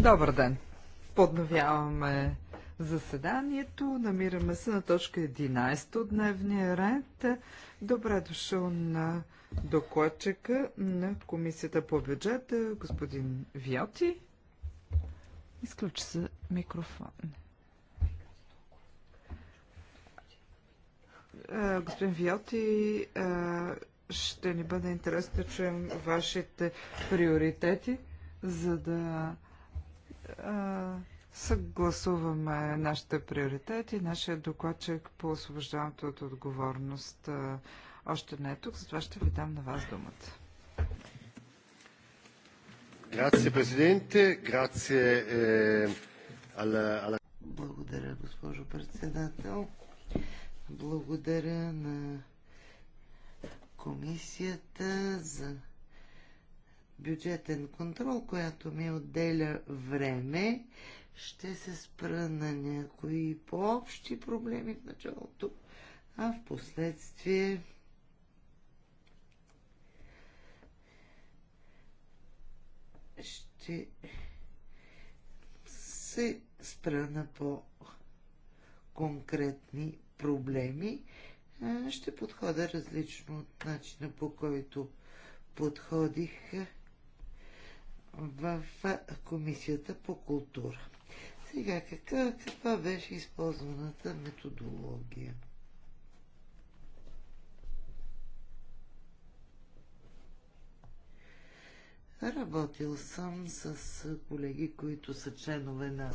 Добър ден. Подновяваме заседанието. Намираме се на точка 11 от дневния ред. Добре дошъл на докладчика на Комисията по бюджета, господин Виоти. Изключи се микрофон. Е, господин Виоти е, ще ни бъде интересно да чуем вашите приоритети, за да а, съгласуваме нашите приоритети. Нашия докладчик по освобождаването от отговорност а, още не е тук, затова ще ви дам на вас думата. Грация, президенте. Грация, eh, ала. Благодаря, госпожо председател. Благодаря на комисията за бюджетен контрол, която ми отделя време. Ще се спра на някои по-общи проблеми в началото, а в последствие ще се спра на по-конкретни проблеми ще подхода различно от начина по който подходих в Комисията по култура. Сега, каква, каква беше използваната методология? Работил съм с колеги, които са членове на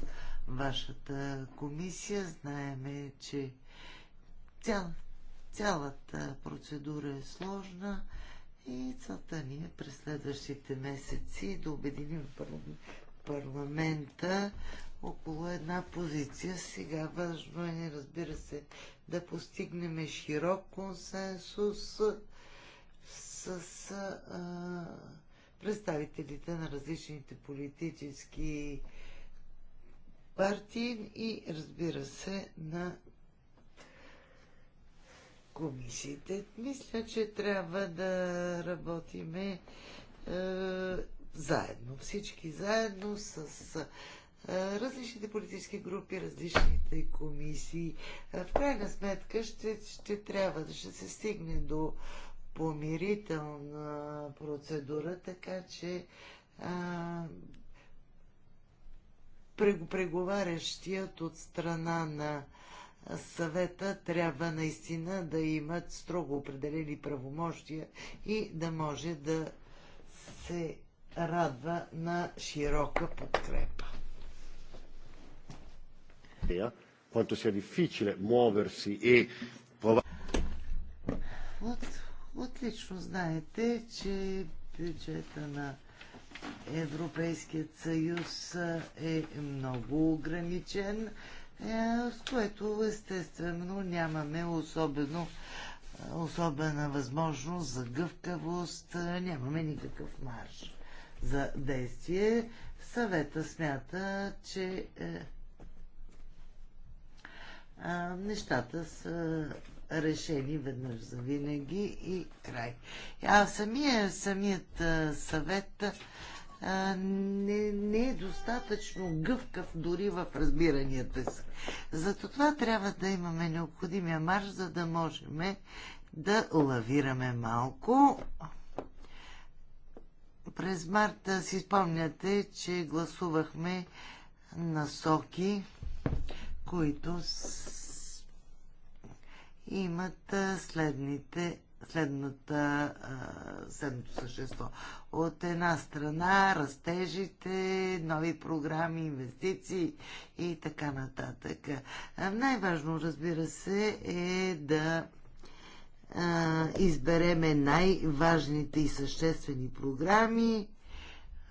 вашата комисия. Знаеме, че цял, Цялата процедура е сложна и целта ни е през следващите месеци да обединим парламента около една позиция. Сега важно е, разбира се, да постигнем широк консенсус с, с а, представителите на различните политически партии и, разбира се, на комисиите. Мисля, че трябва да работиме е, заедно, всички заедно с е, различните политически групи, различните комисии. Е, в крайна сметка ще, ще трябва да ще се стигне до помирителна процедура, така че е, преговарящият от страна на съвета трябва наистина да имат строго определени правомощия и да може да се радва на широка подкрепа. Е, Quanto sia difficile muoversi e От, отлично знаете, че бюджета на Европейският съюз е много ограничен е, с което естествено нямаме особено, особена възможност за гъвкавост, е, нямаме никакъв марш за действие. Съвета смята, че е, а, нещата са решени веднъж за винаги и край. А самия, самият съвет не, не е достатъчно гъвкав дори в разбиранията си. Затова трябва да имаме необходимия марш, за да можем да лавираме малко. През марта си спомняте, че гласувахме насоки, които с... имат следните следната, следното същество. От една страна растежите, нови програми, инвестиции и така нататък. Най-важно, разбира се, е да избереме най-важните и съществени програми,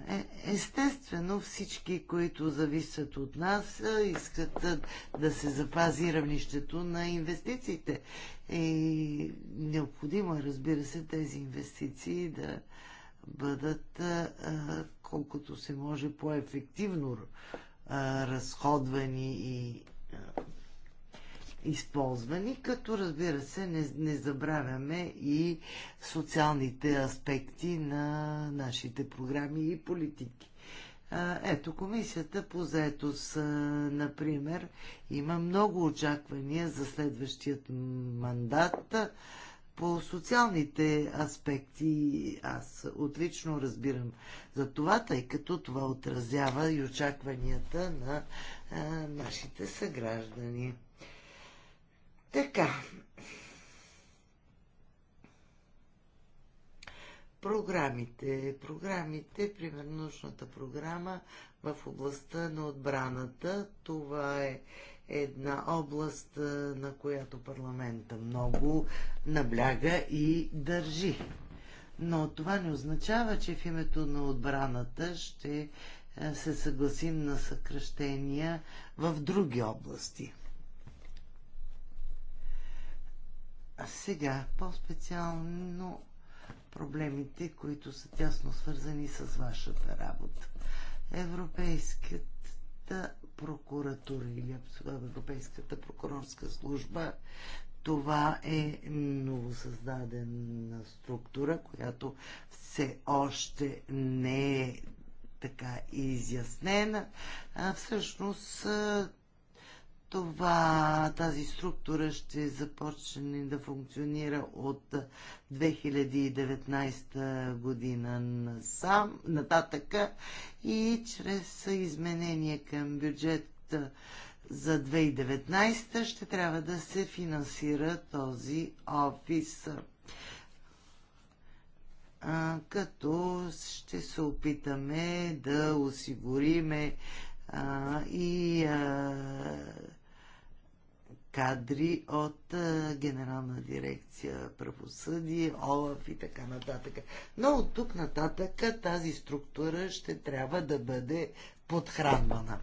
е, естествено, всички, които зависят от нас, е, искат е, да се запази равнището на инвестициите. И необходимо, разбира се, тези инвестиции да бъдат колкото се може по-ефективно разходвани и използвани, като разбира се не, не забравяме и социалните аспекти на нашите програми и политики. Ето, комисията по заетост, например, има много очаквания за следващият мандат по социалните аспекти. Аз отлично разбирам за това, тъй като това отразява и очакванията на а, нашите съграждани. Така. Програмите. Програмите, примерно научната програма в областта на отбраната. Това е една област, на която парламента много набляга и държи. Но това не означава, че в името на отбраната ще се съгласим на съкръщения в други области. Сега, по-специално проблемите, които са тясно свързани с вашата работа. Европейската прокуратура или Европейската прокурорска служба това е новосъздадена структура, която все още не е така изяснена. А всъщност това, тази структура ще започне да функционира от 2019 година насам, нататъка и чрез изменение към бюджет за 2019 ще трябва да се финансира този офис. А, като ще се опитаме да осигуриме а, и а, кадри от а, Генерална дирекция правосъдие, ОЛАФ и така нататък. Но от тук нататък тази структура ще трябва да бъде подхранвана.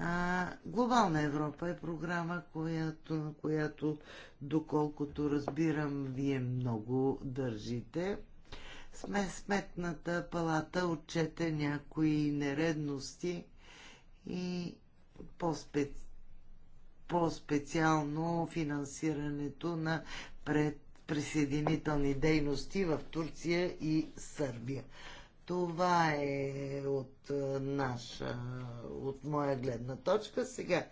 А, Глобална Европа е програма, която, на която, доколкото разбирам, вие много държите. Сме сметната палата отчете някои нередности и по-специално по-специално финансирането на пред присъединителни дейности в Турция и Сърбия. Това е от наша, от моя гледна точка. Сега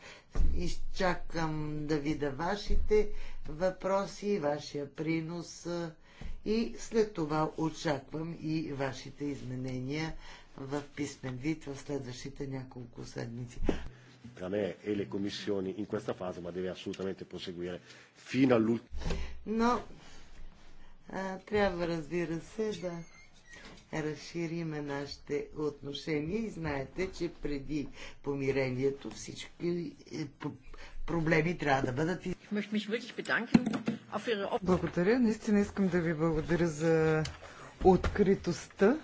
изчакам да видя вашите въпроси, вашия принос и след това очаквам и вашите изменения в писмен вид в следващите няколко седмици tra me e le commissioni in questa fase, ma deve assolutamente proseguire fino all'ultimo. Но а, eh, трябва, разбира се, да разшириме нашите отношения и знаете, че преди помирението всички е, проблеми трябва да бъдат. Благодаря. Наистина искам да ви благодаря за откритостта.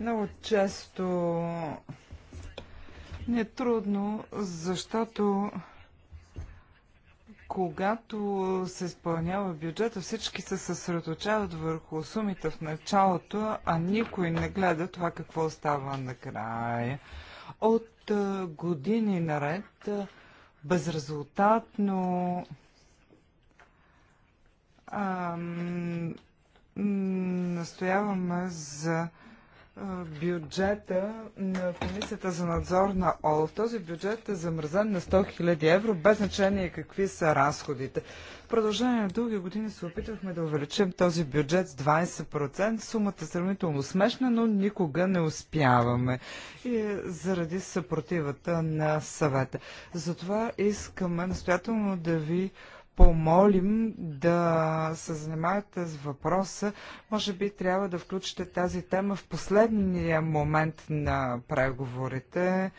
Много често ни е трудно, защото когато се изпълнява бюджета, всички се съсредоточават върху сумите в началото, а никой не гледа това какво става накрая. От години наред безрезултатно ам, настояваме за бюджета на Комисията за надзор на ОЛАФ. Този бюджет е замръзен на 100 000 евро, без значение какви са разходите. В продължение на дълги години се опитвахме да увеличим този бюджет с 20%. Сумата е сравнително смешна, но никога не успяваме. И е заради съпротивата на съвета. Затова искаме настоятелно да ви помолим да се занимавате с въпроса. Може би трябва да включите тази тема в последния момент на преговорите.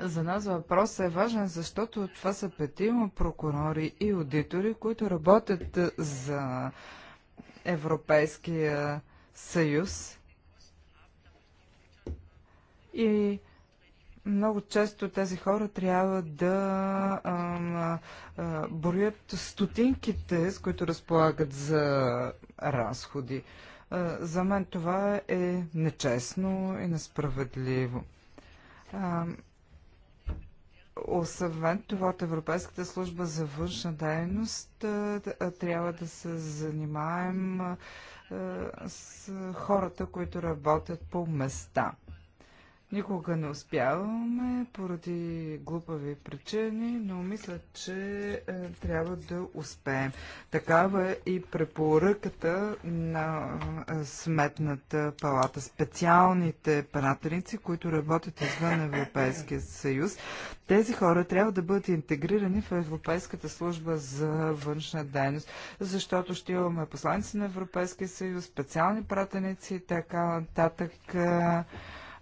За нас въпросът е важен, защото това са петима прокурори и аудитори, които работят за Европейския съюз. И много често тези хора трябва да а, броят стотинките, с които разполагат за разходи. А, за мен това е нечестно и несправедливо. А, освен това, от Европейската служба за външна дейност трябва да се занимаем с хората, които работят по места. Никога не успяваме поради глупави причини, но мисля, че е, трябва да успеем. Такава е и препоръката на е, Сметната палата. Специалните пратеници, които работят извън Европейския съюз, тези хора трябва да бъдат интегрирани в Европейската служба за външна дейност, защото ще имаме посланици на Европейския съюз, специални пратеници и така нататък. Е,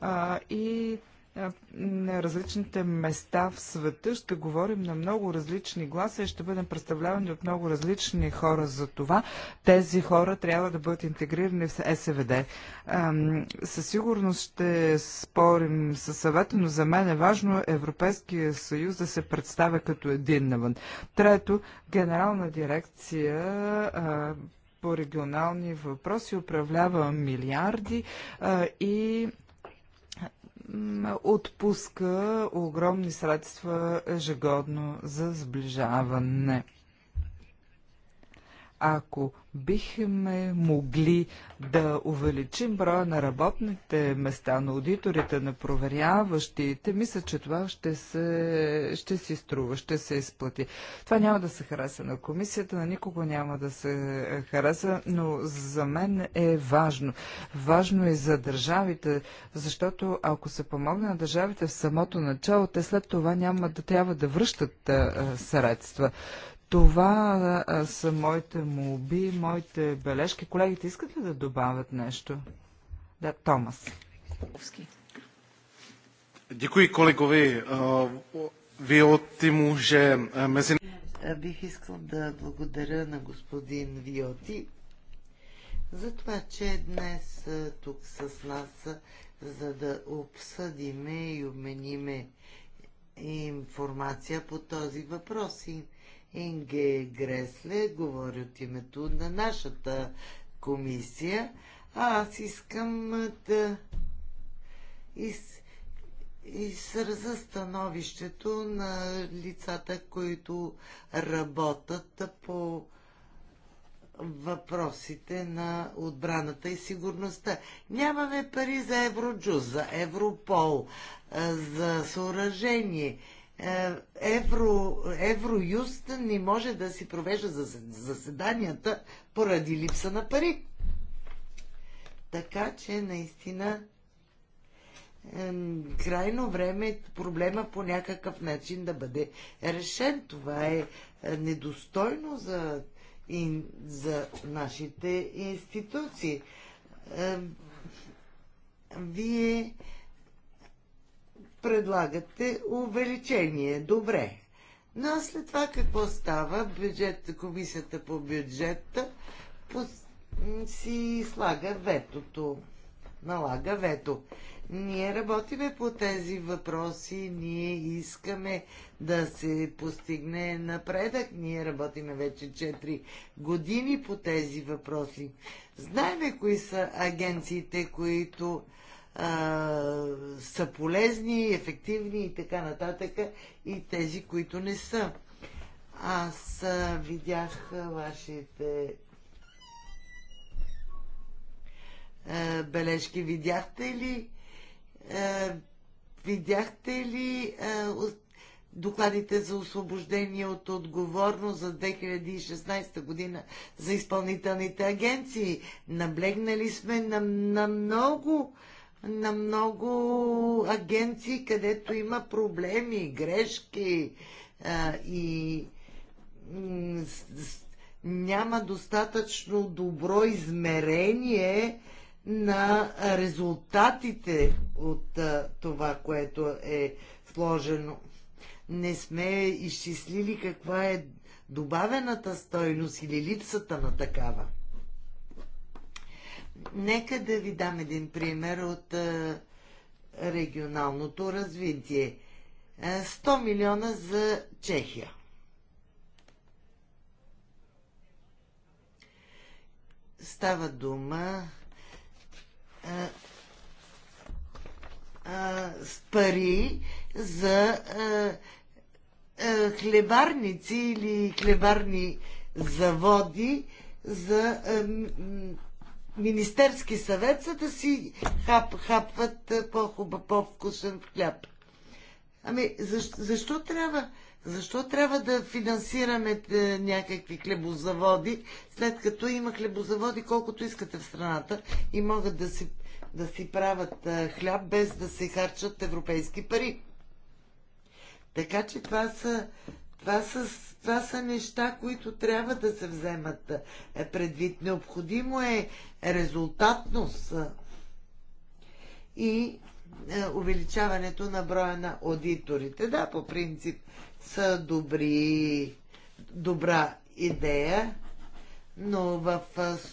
а, и на различните места в света ще говорим на много различни гласа и ще бъдем представлявани от много различни хора. За това тези хора трябва да бъдат интегрирани в СВД. със сигурност ще спорим със съвета, но за мен е важно Европейския съюз да се представя като един навън. Трето, генерална дирекция по регионални въпроси, управлява милиарди а, и отпуска огромни средства ежегодно за сближаване. Ако бихме могли да увеличим броя на работните места, на аудиторите, на проверяващите, мисля, че това ще, се, ще си струва, ще се изплати. Това няма да се хареса на комисията, на никого няма да се хареса, но за мен е важно. Важно и е за държавите, защото ако се помогне на държавите в самото начало, те след това няма да трябва да връщат средства. Това а, са моите молби, моите бележки. Колегите искат ли да добавят нещо? Да, Томас. Děkuji от Тиму же мезин... Бих искал да благодаря на господин Виоти за това, че днес тук с нас, за да обсъдиме и обмениме информация по този въпрос. И Инге Гресле говори от името на нашата комисия, а аз искам да из, израза становището на лицата, които работят по въпросите на отбраната и сигурността. Нямаме пари за Евроджуз, за Европол, за съоръжение – е, Евро, Евроюст не може да си провежда заседанията поради липса на пари. Така че наистина крайно време е проблема по някакъв начин да бъде решен. Това е, е недостойно за, и, за нашите институции. Вие предлагате увеличение. Добре. Но след това какво става? Бюджет, комисията по бюджета по, си слага ветото. Налага вето. Ние работиме по тези въпроси, ние искаме да се постигне напредък. Ние работиме вече 4 години по тези въпроси. Знаеме кои са агенциите, които а, са полезни, ефективни и така нататък, и тези, които не са. Аз а, видях вашите а, бележки. Видяхте ли, а, видяхте ли а, докладите за освобождение от отговорност за 2016 година за изпълнителните агенции? Наблегнали сме на, на много а, на много агенции, където има проблеми, грешки а, и няма достатъчно добро измерение на резултатите от а, това, което е сложено. Не сме изчислили каква е добавената стойност или липсата на такава. Нека да ви дам един пример от регионалното развитие. 100 милиона за Чехия. Става дума а, а, с пари за а, а, хлебарници или хлебарни заводи за а, Министерски съвет, за да си хап, хапват по-хуба, по-вкусен хляб. Ами, защо, защо трябва? Защо трябва да финансираме е, някакви хлебозаводи, след като има хлебозаводи колкото искате в страната и могат да си, да си правят е, хляб без да се харчат европейски пари? Така че това са това са, това са неща, които трябва да се вземат е, предвид. Необходимо е резултатност и е, увеличаването на броя на аудиторите. Да, по принцип са добри, добра идея, но в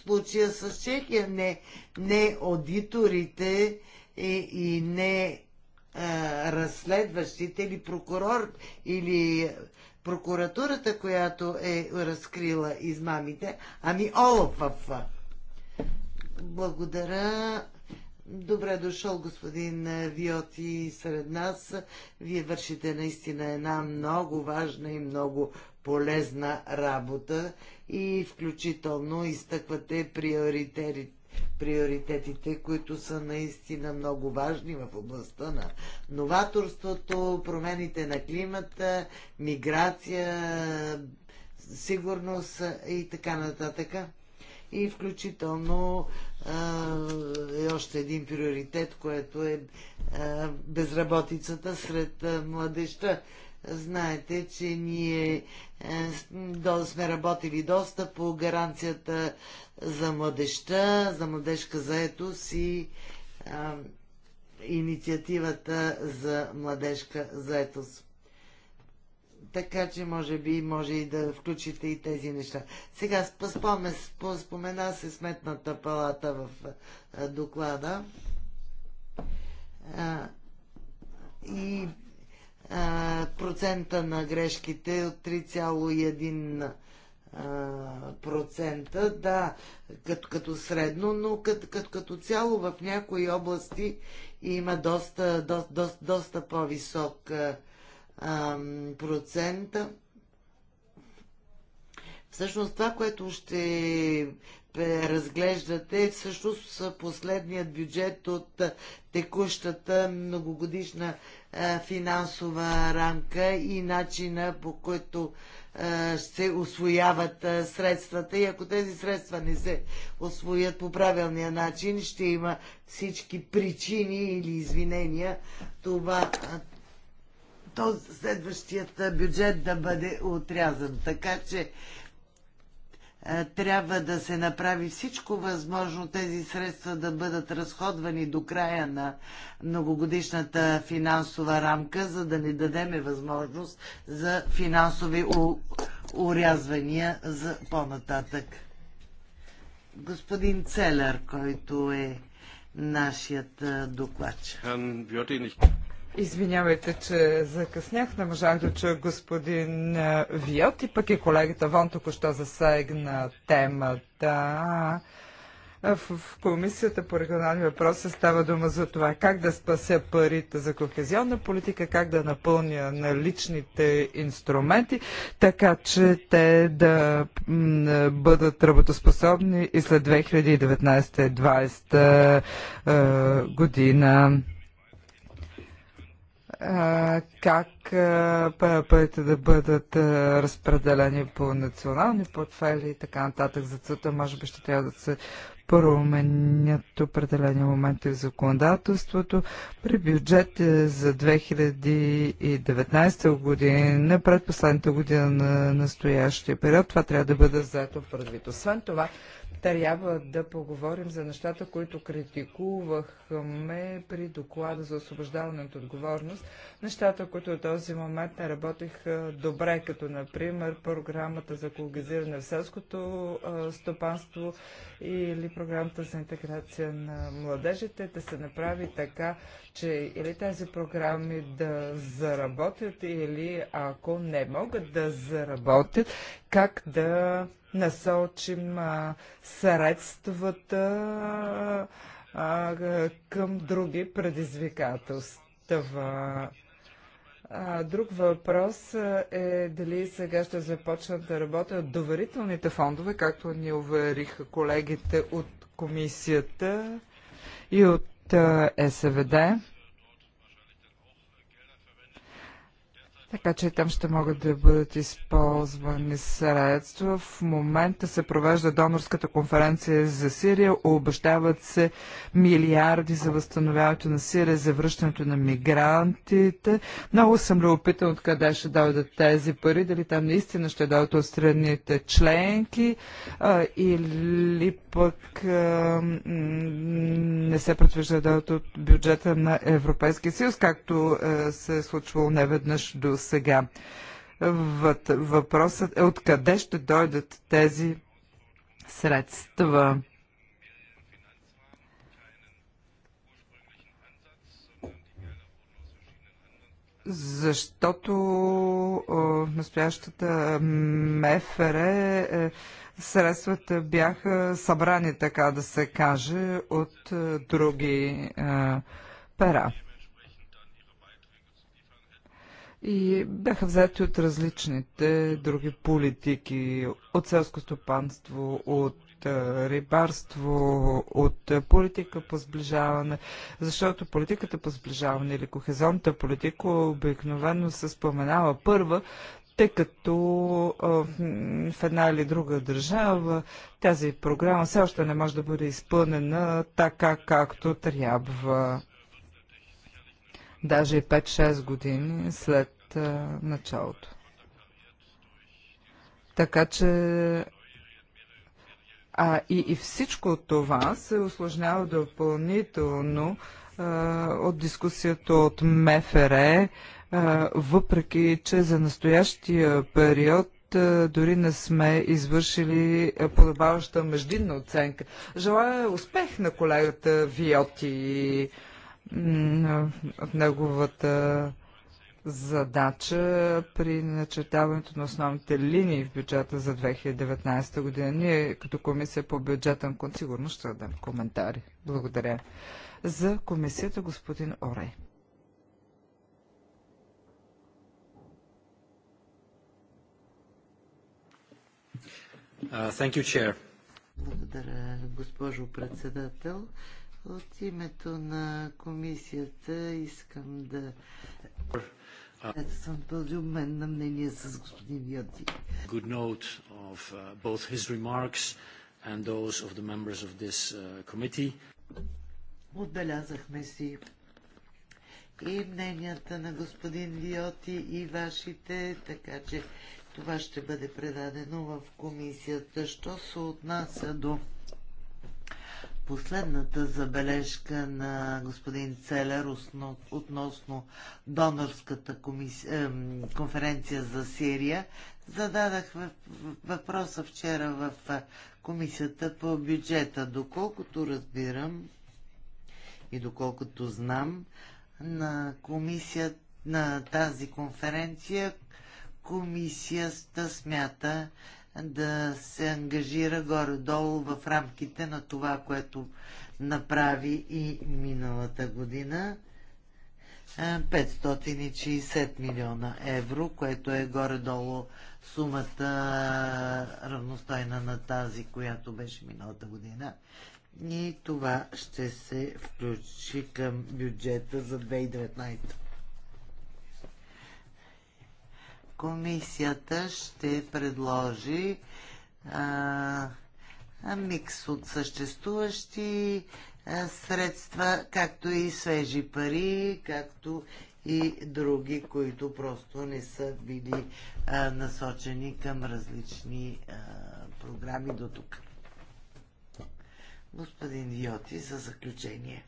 случая с Чехия не, не аудиторите и, и не а, разследващите или прокурор или прокуратурата, която е разкрила измамите, ами Олафъв. Благодаря. Добре дошъл, господин Виоти, сред нас. Вие вършите наистина една много важна и много полезна работа и включително изтъквате приоритетите приоритетите, които са наистина много важни в областта на новаторството, промените на климата, миграция, сигурност и така нататък. И включително е още един приоритет, което е безработицата сред младеща. Знаете, че ние е, до, сме работили доста по гаранцията за младеща, за младежка заетост и а, инициативата за младежка заетост. Така че може би може и да включите и тези неща. Сега спомена се сметната палата в доклада. и процента на грешките е от 3,1 процента, да, като, като средно, но като, като, като цяло в някои области има доста, до, до, доста по-висок процента. Всъщност това, което ще разглеждате, е всъщност последният бюджет от текущата многогодишна финансова рамка и начина по който се освояват средствата и ако тези средства не се освоят по правилния начин, ще има всички причини или извинения това този следващият бюджет да бъде отрязан. Така че е, трябва да се направи всичко възможно тези средства да бъдат разходвани до края на многогодишната финансова рамка, за да не дадеме възможност за финансови урязвания за по-нататък. Господин Целер, който е нашият е, докладчик. Извинявайте, че закъснях. Не можах да чуя господин Виот и пък и колегата Вон току-що засегна темата. В Комисията по регионални въпроси става дума за това как да спася парите за кохезионна политика, как да напълня наличните инструменти, така че те да бъдат работоспособни и след 2019-2020 година как парите да бъдат разпределени по национални портфели и така нататък. За целта може би ще трябва да се променят определени моменти в законодателството. При бюджет е, за 2019 година, предпоследната година на настоящия период, това трябва да бъде заето предвид. Освен това, трябва да поговорим за нещата, които критикувахме при доклада за освобождаване от отговорност. Нещата, които в този момент не работиха добре, като например програмата за екологизиране в селското стопанство или програмата за интеграция на младежите, да се направи така, че или тези програми да заработят, или ако не могат да заработят, как да насочим а, средствата а, към други предизвикателства. А, друг въпрос е дали сега ще започнат да работят доверителните фондове, както ни увериха колегите от комисията и от СВД Така че там ще могат да бъдат използвани средства. В момента се провежда донорската конференция за Сирия. Обещават се милиарди за възстановяването на Сирия, за връщането на мигрантите. Много съм любопитан откъде ще дойдат тези пари. Дали там наистина ще дойдат от страните членки а, или пък а, не се предвижда да дойдат от бюджета на Европейския съюз, както а, се е случвало неведнъж до сега. Въпросът е откъде ще дойдат тези средства. защото в настоящата МФР е, е, средствата бяха събрани, така да се каже, от други е, пера и бяха взети от различните други политики, от селско стопанство, от рибарство, от политика по сближаване, защото политиката по сближаване или кохезонната политика обикновено се споменава първа, тъй като в една или друга държава тази програма все още не може да бъде изпълнена така, както трябва даже и 5-6 години след началото. Така че а, и, и всичко това се осложнява допълнително а, от дискусията от МФР, е, а, въпреки че за настоящия период дори не сме извършили подобаваща междинна оценка. Желая успех на колегата Виоти в неговата задача при начертаването на основните линии в бюджета за 2019 година. Ние като комисия по бюджетен конт сигурно ще дадем коментари. Благодаря. За комисията господин Орей. Uh, you, Благодаря, госпожо председател. От името на комисията искам да съм този обмен на мнение с господин Йоти. Good note of uh, both his remarks and those of the members of this uh, committee. Отбелязахме си и мненията на господин Виоти и вашите, така че това ще бъде предадено в комисията. Що се отнася до последната забележка на господин Целер относно донорската е, конференция за Сирия. Зададах въпроса вчера в комисията по бюджета. Доколкото разбирам и доколкото знам, на комисията на тази конференция комисията смята, да се ангажира горе-долу в рамките на това, което направи и миналата година. 560 милиона евро, което е горе-долу сумата равностойна на тази, която беше миналата година. И това ще се включи към бюджета за 2019. комисията ще предложи а, микс от съществуващи а, средства, както и свежи пари, както и други, които просто не са били а, насочени към различни а, програми до тук. Господин Йоти за заключение.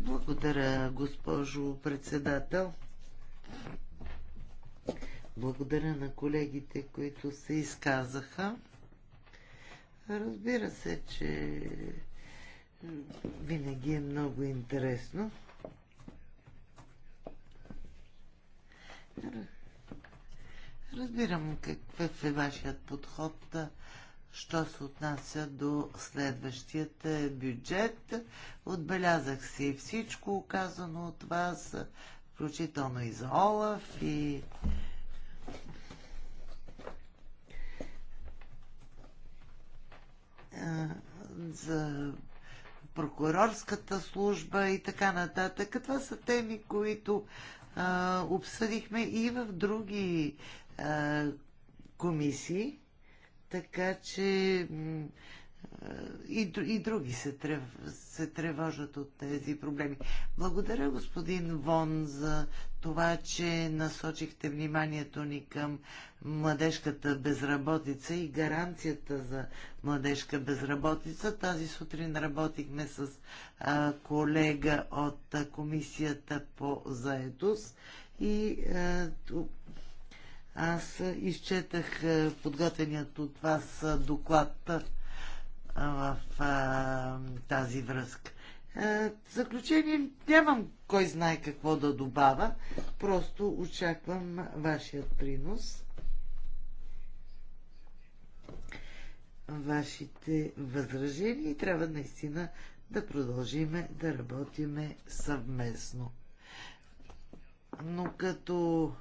Благодаря, госпожо председател. Благодаря на колегите, които се изказаха. Разбира се, че винаги е много интересно. Разбирам какъв е вашият подход, що се отнася до следващият бюджет. Отбелязах си всичко, казано от вас, включително и за Олаф и за прокурорската служба и така нататък. Това са теми, които а, обсъдихме и в други а, комисии, така че и, и други се, трев, се тревожат от тези проблеми. Благодаря, господин Вон, за това, че насочихте вниманието ни към младежката безработица и гаранцията за младежка безработица. Тази сутрин работихме с а, колега от а, Комисията по заедост и а, аз изчетах подготвеният от вас доклад в а, тази връзка. В заключение нямам кой знае какво да добавя, просто очаквам вашият принос, вашите възражения и трябва наистина да продължиме да работиме съвместно. Но като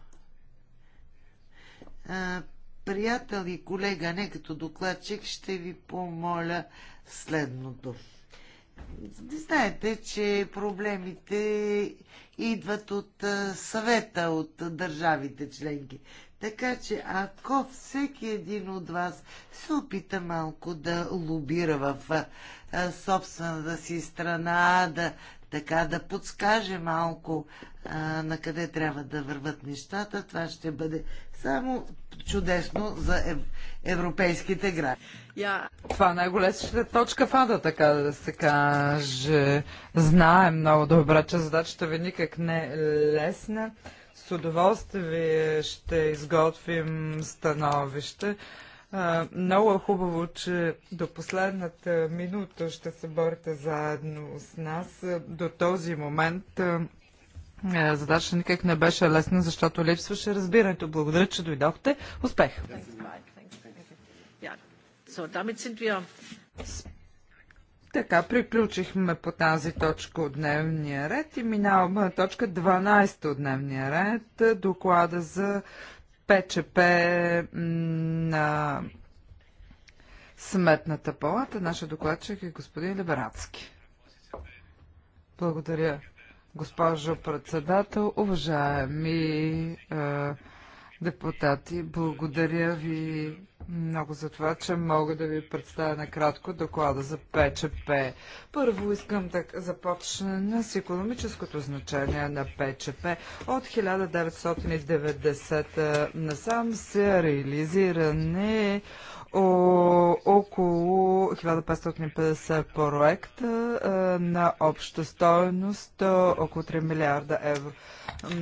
приятел и колега, не като докладчик, ще ви помоля следното. Знаете, че проблемите идват от съвета, от държавите членки. Така че, ако всеки един от вас се опита малко да лобира в собствената си страна, да така да подскаже малко а, на къде трябва да върват нещата, това ще бъде само чудесно за ев, европейските граждани. Yeah. Това е най-голесата точка в ада, така да се каже. Знаем много добре, че задачата ви никак не е лесна. С удоволствие ще изготвим становище. А, много е хубаво, че до последната минута ще се борите заедно с нас. До този момент задача никак не беше лесна, защото липсваше разбирането. Благодаря, че дойдохте. Успех! Така, приключихме по тази точка от дневния ред и минаваме на точка 12 от дневния ред, доклада за ПЧП на Сметната палата. Нашия докладчик е господин Либерацки. Благодаря, госпожо председател, уважаеми е, депутати. Благодаря ви много за това, че мога да ви представя накратко доклада за ПЧП. Първо искам да започна с економическото значение на ПЧП. От 1990 насам се реализиране около 1550 проекта на обща стоеност около 3 милиарда евро.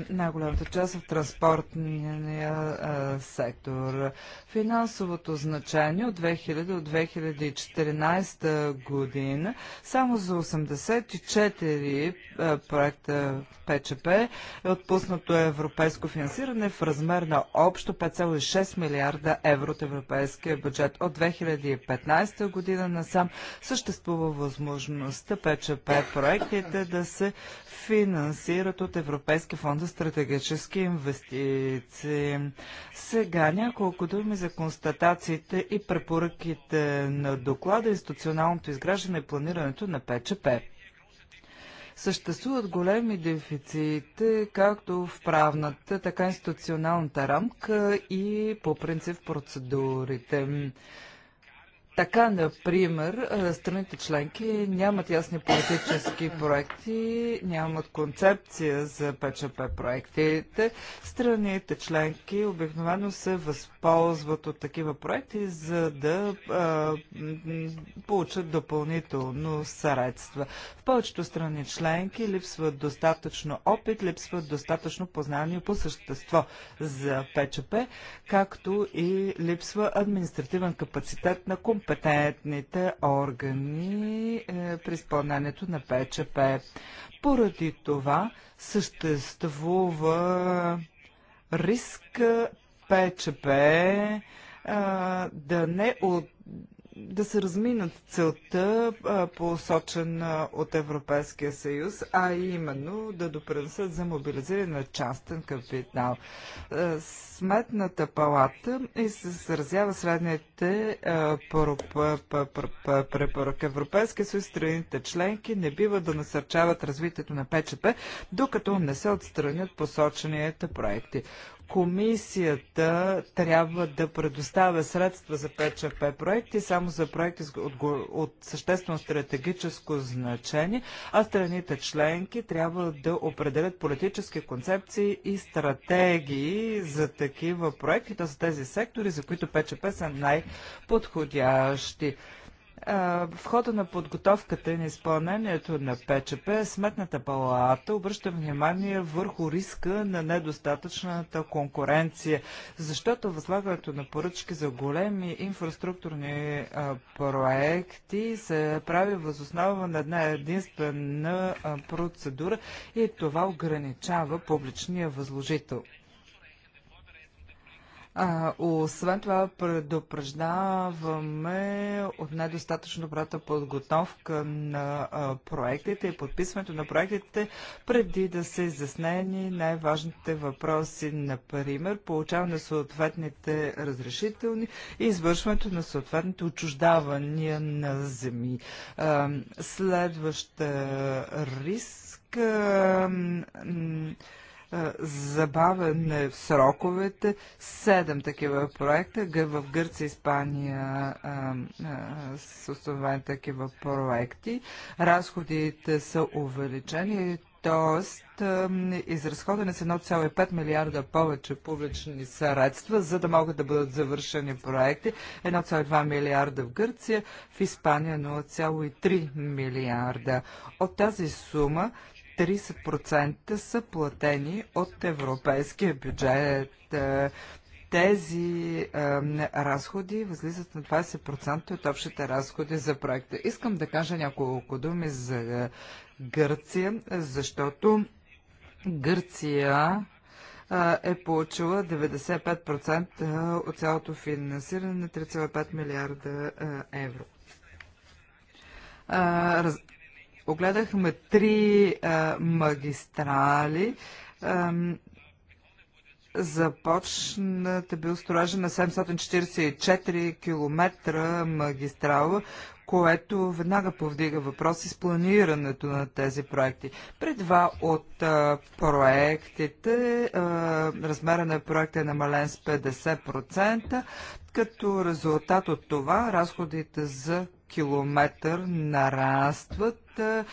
Най-голямата част в транспортния сектор. Финансовото значение от 2000 до 2014 година само за 84 проекта в ПЧП е отпуснато европейско финансиране в размер на общо 5,6 милиарда евро от европейския бюджет бюджет. От 2015 година насам съществува възможността ПЧП проектите да се финансират от Европейски фонд за стратегически инвестиции. Сега няколко думи за констатациите и препоръките на доклада, институционалното изграждане и планирането на ПЧП. Съществуват големи дефицити, както в правната, така и институционалната рамка и по принцип процедурите. Така, например, страните членки нямат ясни политически проекти, нямат концепция за ПЧП проектите. Страните членки обикновено се възползват от такива проекти, за да а, получат допълнително средства. В повечето страни членки липсват достатъчно опит, липсват достатъчно познание по същество за ПЧП, както и липсва административен капацитет на компания компетентните органи е, при изпълнението на ПЧП. Поради това съществува риск ПЧП е, да не от, да се разминат целта, посочена от Европейския съюз, а именно да допринесат за мобилизиране на частен капитал. Сметната палата и се сразява средните препорък. Европейския съюз страните членки не бива да насърчават развитието на ПЧП, докато не се отстранят посочените проекти комисията трябва да предоставя средства за ПЧП проекти, само за проекти от, съществено стратегическо значение, а страните членки трябва да определят политически концепции и стратегии за такива проекти, т.е. тези сектори, за които ПЧП са най-подходящи. В хода на подготовката и на изпълнението на ПЧП, Сметната палата обръща внимание върху риска на недостатъчната конкуренция, защото възлагането на поръчки за големи инфраструктурни проекти се прави възоснова на една единствена процедура и това ограничава публичния възложител. А, освен това, предупреждаваме от недостатъчно добрата подготовка на а, проектите и подписването на проектите, преди да се изяснени най-важните въпроси, например, получаване на съответните разрешителни и извършването на съответните отчуждавания на земи. А, следваща риск. А, забавене в сроковете. Седем такива проекта в Гърция, Испания с установени такива проекти. Разходите са увеличени, т.е. изразходени с 1,5 милиарда повече публични средства, за да могат да бъдат завършени проекти. 1,2 милиарда в Гърция, в Испания 0,3 милиарда. От тази сума 30% са платени от европейския бюджет. Е, тези е, разходи възлизат на 20% от общите разходи за проекта. Искам да кажа няколко думи за е, Гърция, защото Гърция е, е получила 95% от цялото финансиране на 3,5 милиарда евро огледахме три а, магистрали. А, е бил строежа на 744 км магистрала, което веднага повдига въпроси с планирането на тези проекти. При два от а, проектите, а, размера на проекта е намален с 50%, като резултат от това разходите за километър нарастват а,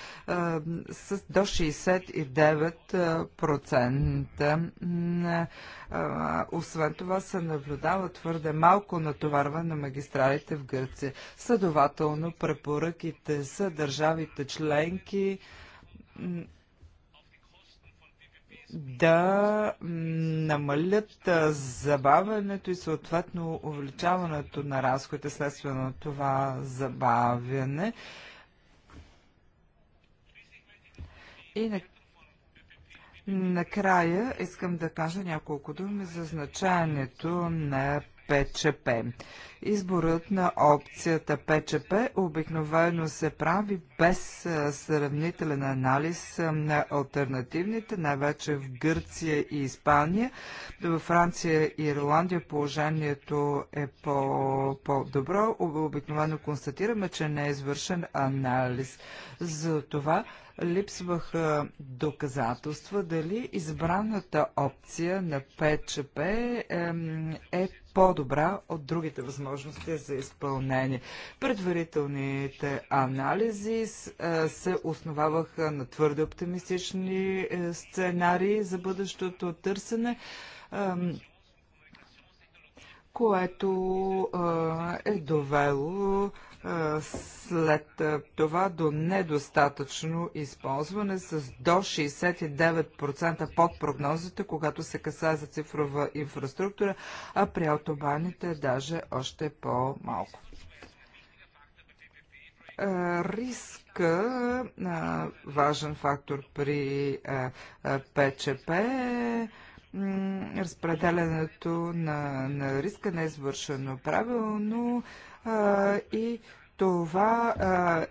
с до 69%. А, освен това се наблюдава твърде малко натоварване на магистралите в Гърция. Следователно препоръките са държавите членки да намалят забавянето и съответно увеличаването на разходите следствие на това забавяне. И на Накрая искам да кажа няколко думи за значението на ПЧП. Изборът на опцията ПЧП обикновено се прави без сравнителен анализ на альтернативните, най-вече в Гърция и Испания. В Франция и Ирландия положението е по-добро. -по обикновено констатираме, че не е извършен анализ. За това липсваха доказателства дали избраната опция на ПЧП е, е по-добра от другите възможности за изпълнение. Предварителните анализи се основаваха на твърде оптимистични е, сценарии за бъдещото търсене което е довело след това до недостатъчно използване с до 69% под прогнозите, когато се касае за цифрова инфраструктура, а при автобаните даже още по-малко. Риска, важен фактор при ПЧП е разпределянето на, на риска не е извършено правилно, и това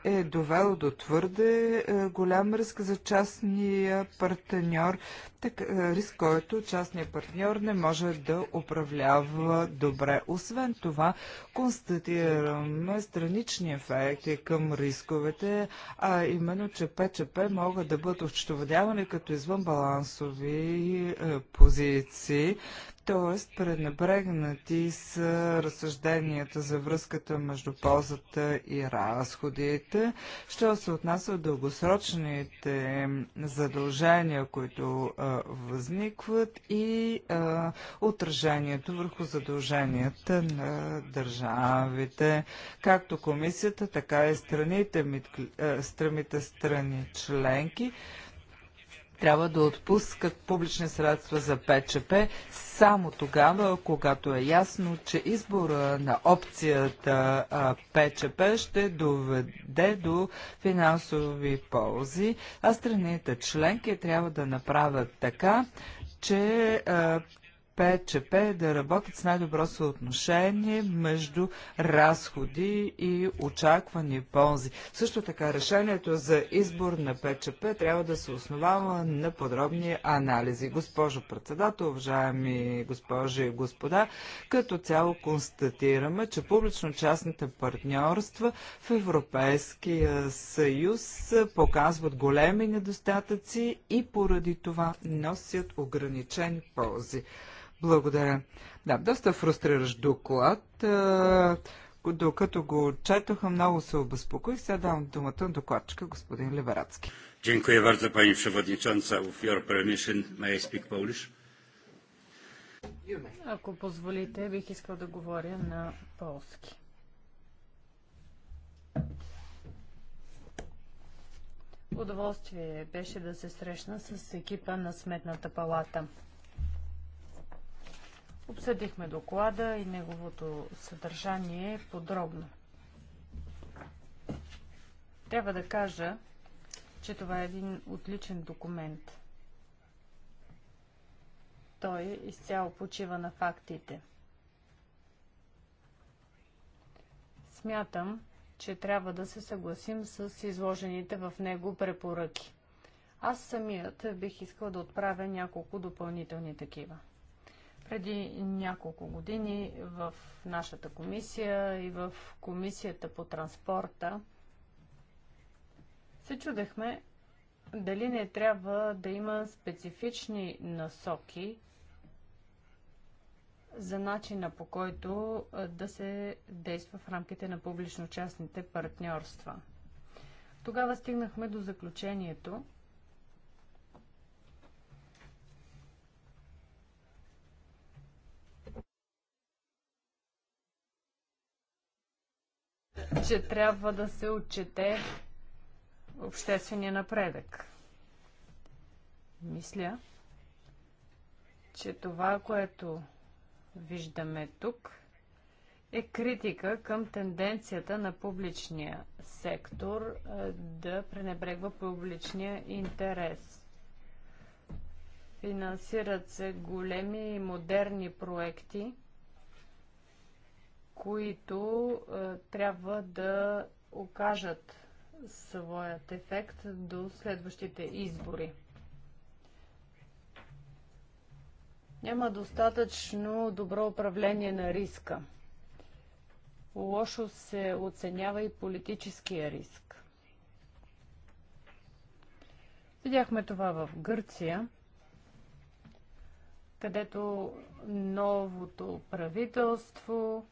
е довело до твърде голям риск за частния партньор, так, риск, който частният партньор не може да управлява добре. Освен това, констатираме странични ефекти към рисковете, а именно, че ПЧП могат да бъдат отчетоводявани като извънбалансови позиции Тоест, пренебрегнати са разсъжденията за връзката между ползата и разходите. Що се отнася от дългосрочните задължения, които а, възникват и а, отражението върху задълженията на държавите, както комисията, така и страните, страните страни членки трябва да отпускат публични средства за ПЧП само тогава, когато е ясно, че избора на опцията ПЧП ще доведе до финансови ползи, а страните членки трябва да направят така, че ПЧП да работят с най-добро съотношение между разходи и очаквани ползи. Също така решението за избор на ПЧП трябва да се основава на подробни анализи. Госпожо председател, уважаеми госпожи и господа, като цяло констатираме, че публично-частните партньорства в Европейския съюз показват големи недостатъци и поради това носят ограничени ползи. Благодаря. Да, доста фрустриращ доклад. Докато го четоха, много се обезпокоих. Сега давам думата на докладчика, господин Либерацки. Дякую bardzo пани przewodnicząca. В your permission, may I speak Polish? Ако позволите, бих искал да говоря на полски. Удоволствие беше да се срещна с екипа на Сметната палата. Обсъдихме доклада и неговото съдържание подробно. Трябва да кажа, че това е един отличен документ. Той изцяло почива на фактите. Смятам, че трябва да се съгласим с изложените в него препоръки. Аз самият бих искал да отправя няколко допълнителни такива. Преди няколко години в нашата комисия и в комисията по транспорта се чудехме дали не трябва да има специфични насоки за начина по който да се действа в рамките на публично-частните партньорства. Тогава стигнахме до заключението, че трябва да се отчете обществения напредък. Мисля, че това, което виждаме тук, е критика към тенденцията на публичния сектор е, да пренебрегва публичния интерес. Финансират се големи и модерни проекти – които а, е, трябва да окажат своят ефект до следващите избори. Няма достатъчно добро управление на риска. Лошо се оценява и политическия риск. Видяхме това в Гърция, където новото правителство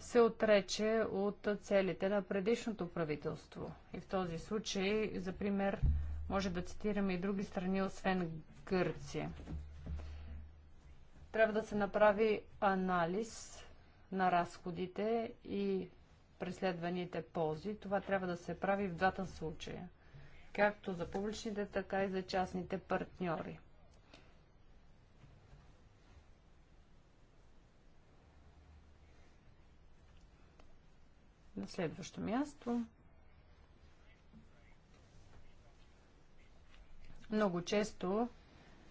се отрече от целите на предишното правителство. И в този случай, за пример, може да цитираме и други страни, освен Гърция. Трябва да се направи анализ на разходите и преследваните ползи. Това трябва да се прави в двата случая. Както за публичните, така и за частните партньори. На следващо място. Много често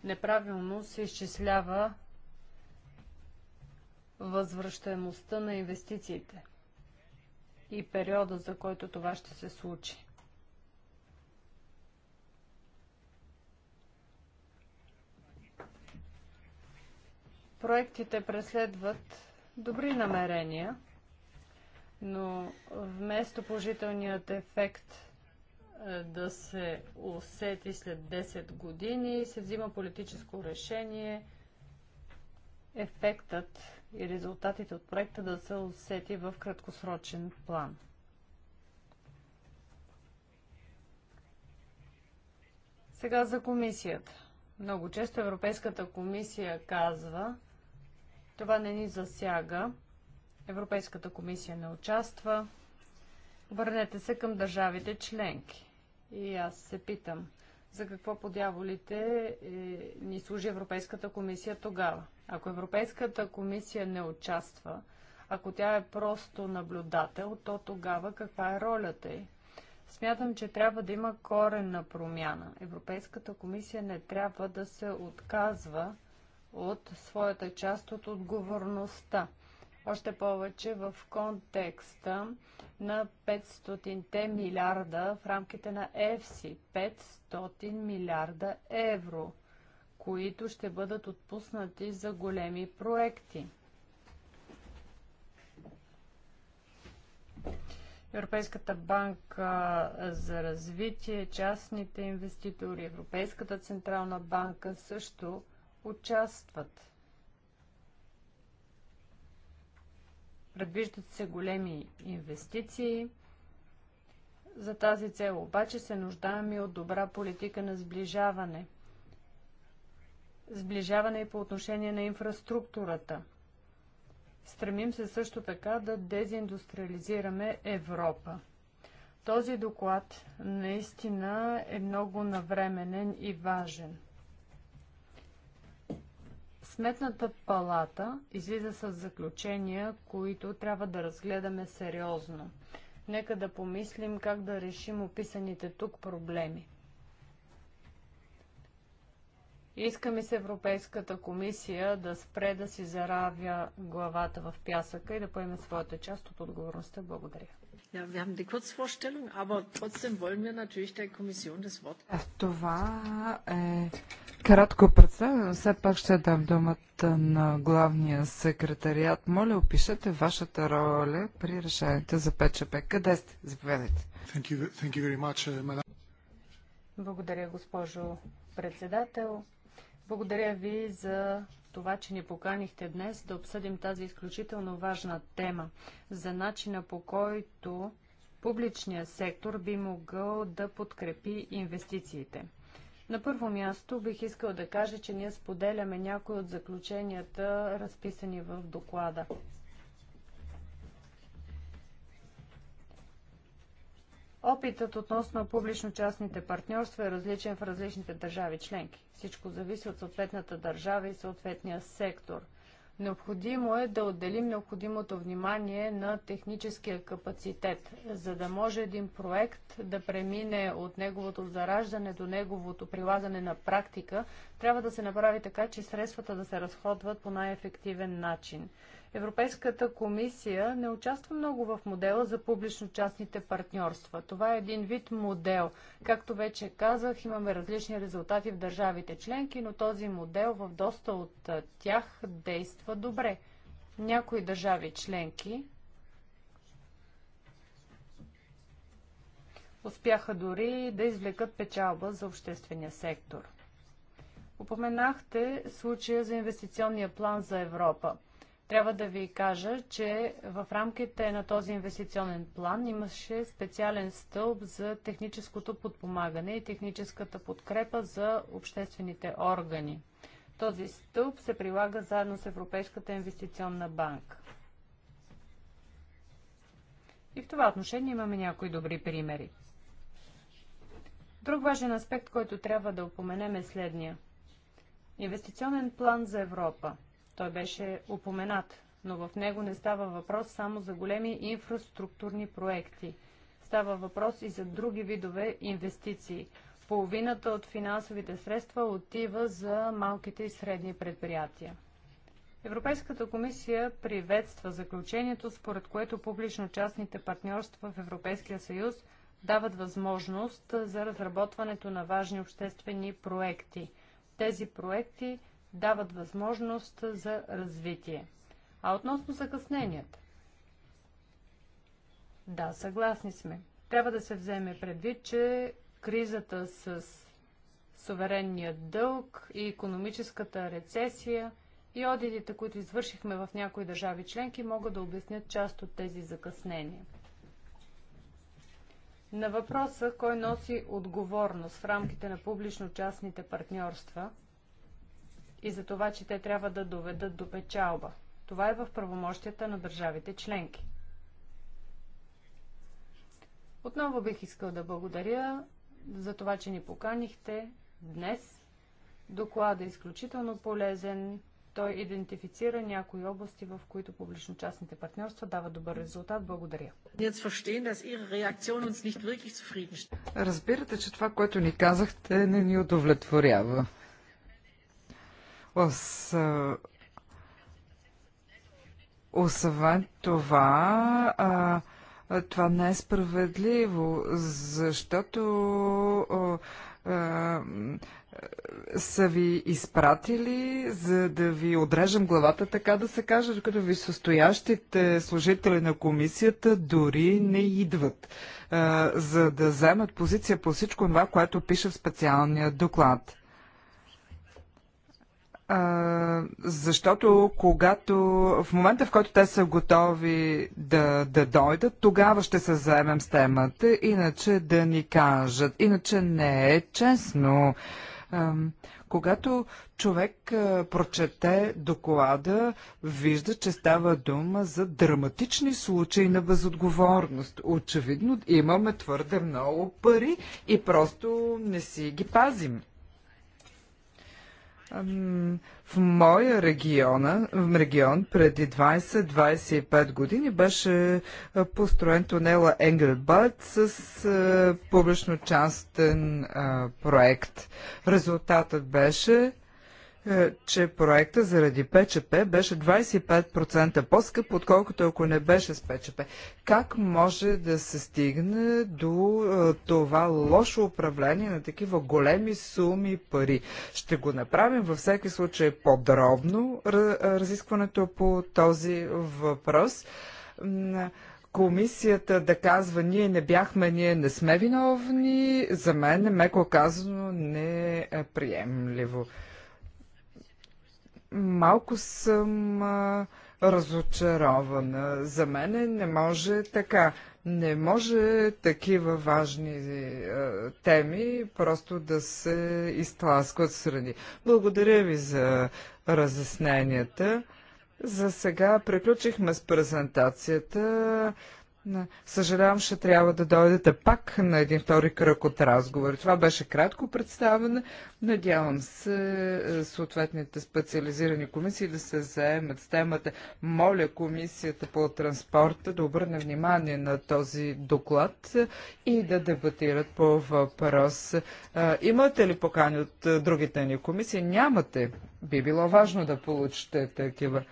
неправилно се изчислява възвръщаемостта на инвестициите и периода, за който това ще се случи. Проектите преследват добри намерения – но вместо положителният ефект е, да се усети след 10 години, се взима политическо решение ефектът и резултатите от проекта да се усети в краткосрочен план. Сега за комисията. Много често Европейската комисия казва, това не ни засяга, Европейската комисия не участва. Върнете се към държавите членки. И аз се питам, за какво подяволите е, ни служи Европейската комисия тогава? Ако Европейската комисия не участва, ако тя е просто наблюдател, то тогава каква е ролята й? Смятам, че трябва да има коренна промяна. Европейската комисия не трябва да се отказва от своята част от отговорността. Още повече в контекста на 500-те милиарда в рамките на ЕФСИ. 500 милиарда евро, които ще бъдат отпуснати за големи проекти. Европейската банка за развитие, частните инвеститори, Европейската централна банка също участват. Предвиждат се големи инвестиции. За тази цел обаче се нуждаем и от добра политика на сближаване. Сближаване и по отношение на инфраструктурата. Стремим се също така да дезиндустриализираме Европа. Този доклад наистина е много навременен и важен. Сметната палата излиза с заключения, които трябва да разгледаме сериозно. Нека да помислим как да решим описаните тук проблеми. Искаме с Европейската комисия да спре да си заравя главата в пясъка и да поеме своята част от отговорността. Благодаря. Ja, wir haben die Kurzvorstellung, aber trotzdem wollen wir natürlich der Kommission das Wort. Е, това е кратко представено. Все пак ще дам думата на главния секретариат. Моля, опишете вашата роля при решението за ПЧП. Къде сте? Заповядайте. Thank you, thank you very much, uh, Благодаря, госпожо председател. Благодаря ви за това, че ни поканихте днес да обсъдим тази изключително важна тема за начина по който публичният сектор би могъл да подкрепи инвестициите. На първо място бих искал да кажа, че ние споделяме някои от заключенията, разписани в доклада. Опитът относно публично-частните партньорства е различен в различните държави членки. Всичко зависи от съответната държава и съответния сектор. Необходимо е да отделим необходимото внимание на техническия капацитет, за да може един проект да премине от неговото зараждане до неговото прилагане на практика, трябва да се направи така, че средствата да се разходват по най-ефективен начин. Европейската комисия не участва много в модела за публично-частните партньорства. Това е един вид модел. Както вече казах, имаме различни резултати в държавите членки, но този модел в доста от тях действа добре. Някои държави членки успяха дори да извлекат печалба за обществения сектор. Упоменахте случая за инвестиционния план за Европа. Трябва да ви кажа, че в рамките на този инвестиционен план имаше специален стълб за техническото подпомагане и техническата подкрепа за обществените органи. Този стълб се прилага заедно с Европейската инвестиционна банка. И в това отношение имаме някои добри примери. Друг важен аспект, който трябва да упоменем е следния. Инвестиционен план за Европа – той беше упоменат, но в него не става въпрос само за големи инфраструктурни проекти. Става въпрос и за други видове инвестиции. Половината от финансовите средства отива за малките и средни предприятия. Европейската комисия приветства заключението, според което публично-частните партньорства в Европейския съюз дават възможност за разработването на важни обществени проекти. Тези проекти дават възможност за развитие. А относно закъсненията. Да, съгласни сме. Трябва да се вземе предвид, че кризата с суверенния дълг и економическата рецесия и одитите, които извършихме в някои държави членки, могат да обяснят част от тези закъснения. На въпроса кой носи отговорност в рамките на публично-частните партньорства – и за това, че те трябва да доведат до печалба. Това е в правомощията на държавите членки. Отново бих искал да благодаря за това, че ни поканихте днес. Докладът е изключително полезен. Той идентифицира някои области, в които публично-частните партньорства дават добър резултат. Благодаря. Разбирате, че това, което ни казахте, не ни удовлетворява. Освен това, а, това не е справедливо, защото а, а, са ви изпратили, за да ви отрежем главата, така да се каже, докато ви състоящите служители на комисията дори не идват, а, за да вземат позиция по всичко това, което пише в специалния доклад. А, защото когато в момента, в който те са готови да, да дойдат, тогава ще се заемем с темата, иначе да ни кажат. Иначе не е честно. А, когато човек а, прочете доклада, вижда, че става дума за драматични случаи на безотговорност. Очевидно имаме твърде много пари и просто не си ги пазим. В моя региона, в регион преди 20-25 години беше построен тунела Енгелбад с публично-частен проект. Резултатът беше е, че проекта заради ПЧП беше 25% по-скъп, отколкото ако не беше с ПЧП. Как може да се стигне до е, това лошо управление на такива големи суми пари? Ще го направим във всеки случай подробно разискването по този въпрос комисията да казва ние не бяхме, ние не сме виновни, за мен, меко казано, не е приемливо малко съм а, разочарована. За мене не може така. Не може такива важни а, теми просто да се изтласкват среди. Благодаря ви за разясненията. За сега приключихме с презентацията. Съжалявам, ще трябва да дойдете пак на един втори кръг от разговор. Това беше кратко представене. Надявам се е, съответните специализирани комисии да се заемат с темата. Моля комисията по транспорта да обърне внимание на този доклад и да дебатират по въпрос. Е, имате ли покани от е, другите ни комисии? Нямате. Би било важно да получите такива.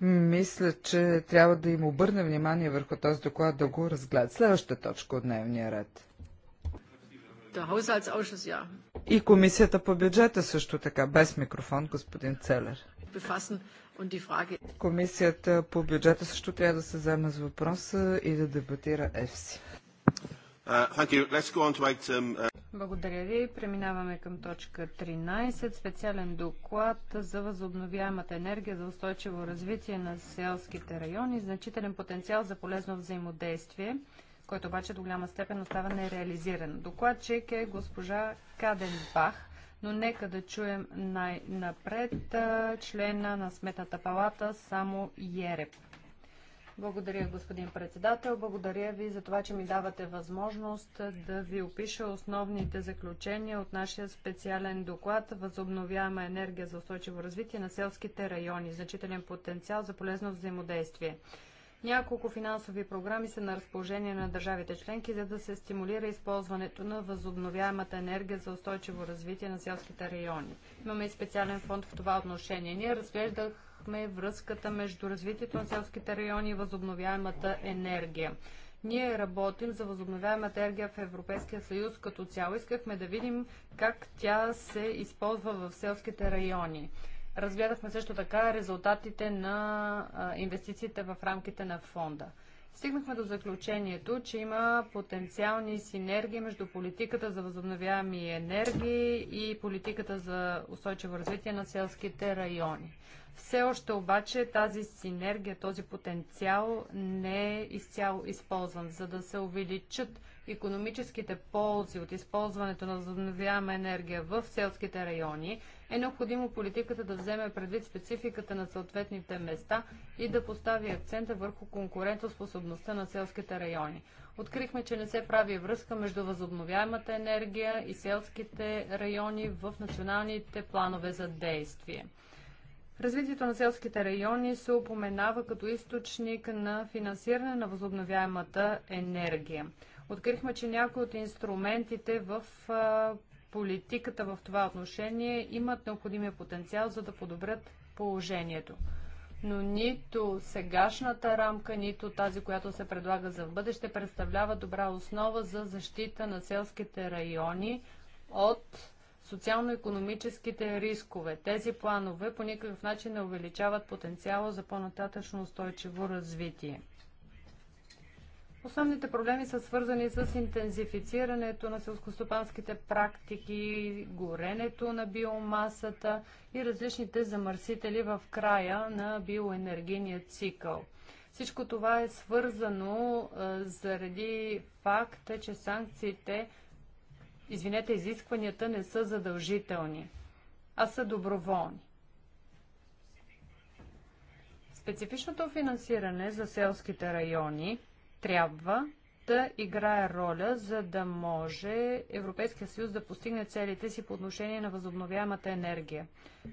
Мисля, че трябва да им обърне внимание върху този доклад, да го разгледат. Следващата точка от дневния ред. И комисията по бюджета също така, без микрофон, господин Целер. Комисията по бюджета също трябва да се вземе с въпроса и да дебатира ЕФСИ. Uh, uh благодаря ви. Преминаваме към точка 13. Специален доклад за възобновяемата енергия за устойчиво развитие на селските райони. Значителен потенциал за полезно взаимодействие, който обаче до голяма степен остава нереализиран. Докладчик е госпожа Каденбах, но нека да чуем най-напред члена на Сметната палата само Ереп. Благодаря, господин председател. Благодаря ви за това, че ми давате възможност да ви опиша основните заключения от нашия специален доклад Възобновяема енергия за устойчиво развитие на селските райони. Значителен потенциал за полезно взаимодействие. Няколко финансови програми са на разположение на държавите членки, за да се стимулира използването на възобновяемата енергия за устойчиво развитие на селските райони. Имаме и специален фонд в това отношение. Ние разглеждах очертахме връзката между развитието на селските райони и възобновяемата енергия. Ние работим за възобновяемата енергия в Европейския съюз като цяло. Искахме да видим как тя се използва в селските райони. Разгледахме също така резултатите на инвестициите в рамките на фонда. Стигнахме до заключението, че има потенциални синергии между политиката за възобновяеми енергии и политиката за устойчиво развитие на селските райони. Все още обаче тази синергия, този потенциал не е изцяло използван. За да се увеличат економическите ползи от използването на възобновяема енергия в селските райони, е необходимо политиката да вземе предвид спецификата на съответните места и да постави акцента върху конкурентоспособността на селските райони. Открихме, че не се прави връзка между възобновяемата енергия и селските райони в националните планове за действие. Развитието на селските райони се упоменава като източник на финансиране на възобновяемата енергия. Открихме, че някои от инструментите в политиката в това отношение имат необходимия потенциал, за да подобрят положението. Но нито сегашната рамка, нито тази, която се предлага за бъдеще, представлява добра основа за защита на селските райони от социално-економическите рискове. Тези планове по никакъв начин не увеличават потенциала за по-нататъчно устойчиво развитие. Основните проблеми са свързани с интензифицирането на селскостопанските практики, горенето на биомасата и различните замърсители в края на биоенергийния цикъл. Всичко това е свързано заради факта, че санкциите извинете, изискванията не са задължителни, а са доброволни. Специфичното финансиране за селските райони трябва да играе роля, за да може Европейския съюз да постигне целите си по отношение на възобновяемата енергия.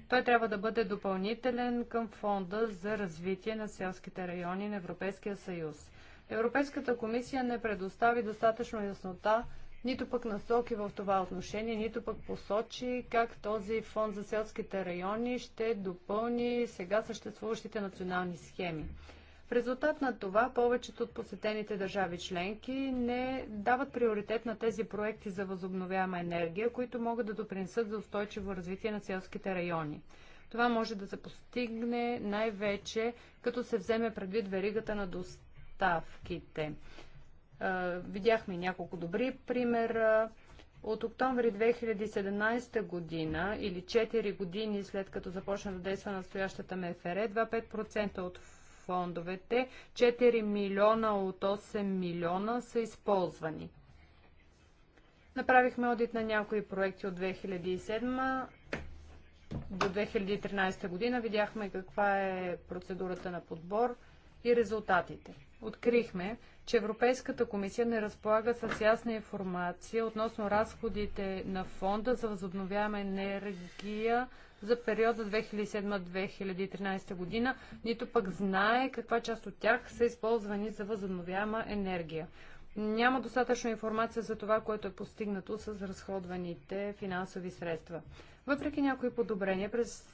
Той трябва да бъде допълнителен към фонда за развитие на селските райони на Европейския съюз. Европейската комисия не предостави достатъчно яснота нито пък насоки в това отношение, нито пък посочи как този фонд за селските райони ще допълни сега съществуващите национални схеми. В резултат на това повечето от посетените държави членки не дават приоритет на тези проекти за възобновяема енергия, които могат да допринесат за устойчиво развитие на селските райони. Това може да се постигне най-вече, като се вземе предвид веригата на доставките. Е, видяхме няколко добри примера. От октомври 2017 година или 4 години след като започна да действа настоящата МФР, 2-5% е, от фондовете, 4 милиона от 8 милиона са използвани. Направихме одит на някои проекти от 2007 до 2013 година. Видяхме каква е процедурата на подбор и резултатите открихме, че Европейската комисия не разполага с ясна информация относно разходите на фонда за възобновяема енергия за периода 2007-2013 година, нито пък знае каква част от тях са използвани за възобновяема енергия. Няма достатъчно информация за това, което е постигнато с разходваните финансови средства. Въпреки някои подобрения през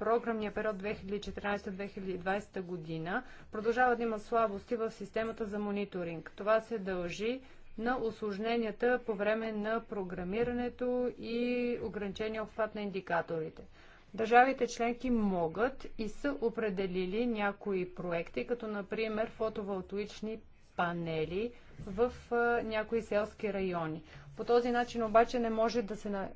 програмния период 2014-2020 година продължават да имат слабости в системата за мониторинг. Това се дължи на осложненията по време на програмирането и ограничения обхват на индикаторите. Държавите членки могат и са определили някои проекти, като например фотоволтоични панели в някои селски райони. По този начин обаче не може да се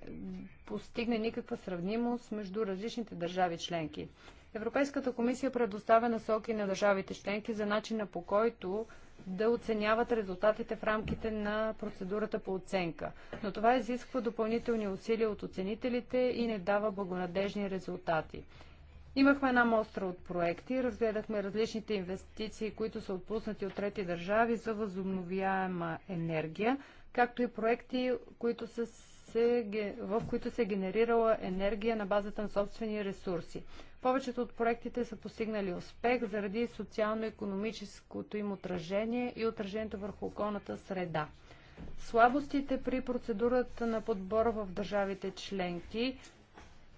постигне никаква сравнимост между различните държави членки. Европейската комисия предоставя насоки на държавите членки за начина по който да оценяват резултатите в рамките на процедурата по оценка. Но това изисква допълнителни усилия от оценителите и не дава благонадежни резултати. Имахме една мостра от проекти, разгледахме различните инвестиции, които са отпуснати от трети държави за възобновяема енергия, както и проекти, които са се, в които се е генерирала енергия на базата на собствени ресурси. Повечето от проектите са постигнали успех заради социално-економическото им отражение и отражението върху околната среда. Слабостите при процедурата на подбор в държавите членки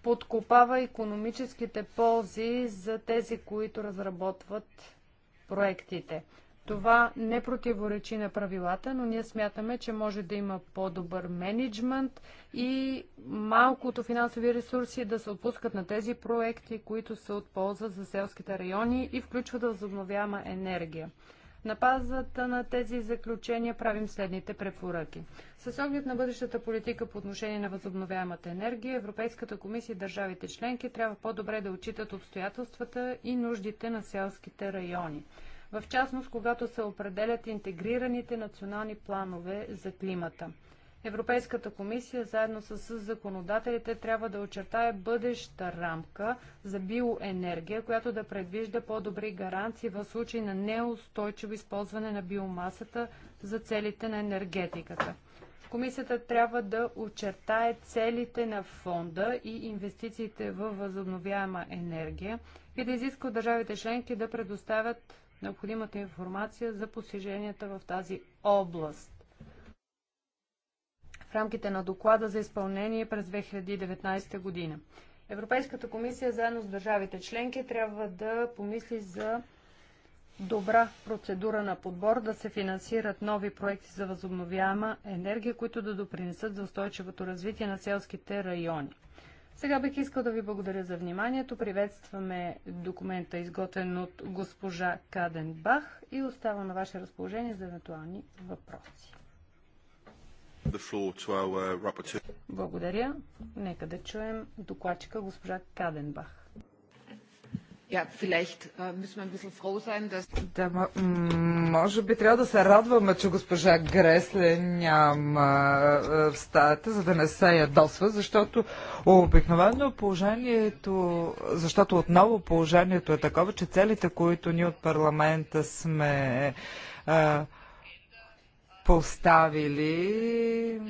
подкопава економическите ползи за тези, които разработват проектите. Това не противоречи на правилата, но ние смятаме, че може да има по-добър менеджмент и малкото финансови ресурси да се отпускат на тези проекти, които се от полза за селските райони и включват възобновяема енергия. На базата на тези заключения правим следните препоръки. С оглед на бъдещата политика по отношение на възобновяемата енергия, Европейската комисия и държавите членки трябва по-добре да отчитат обстоятелствата и нуждите на селските райони. В частност, когато се определят интегрираните национални планове за климата. Европейската комисия заедно с законодателите трябва да очертае бъдеща рамка за биоенергия, която да предвижда по-добри гаранции в случай на неустойчиво използване на биомасата за целите на енергетиката. Комисията трябва да очертае целите на фонда и инвестициите в възобновяема енергия и да изиска от държавите членки да предоставят необходимата информация за постиженията в тази област рамките на доклада за изпълнение през 2019 година. Европейската комисия заедно с държавите членки трябва да помисли за добра процедура на подбор да се финансират нови проекти за възобновяема енергия, които да допринесат за устойчивото развитие на селските райони. Сега бих искал да ви благодаря за вниманието. Приветстваме документа, изготвен от госпожа Каденбах и остава на ваше разположение за евентуални въпроси our... Uh, Благодаря. Нека да чуем докладчика госпожа Каденбах. Yeah, äh, sein, dass... Да, може би трябва да се радваме, че госпожа Гресле няма в стаята, за да не се ядосва, защото обикновено положението, защото отново положението е такова, че целите, които ние от парламента сме а, поставили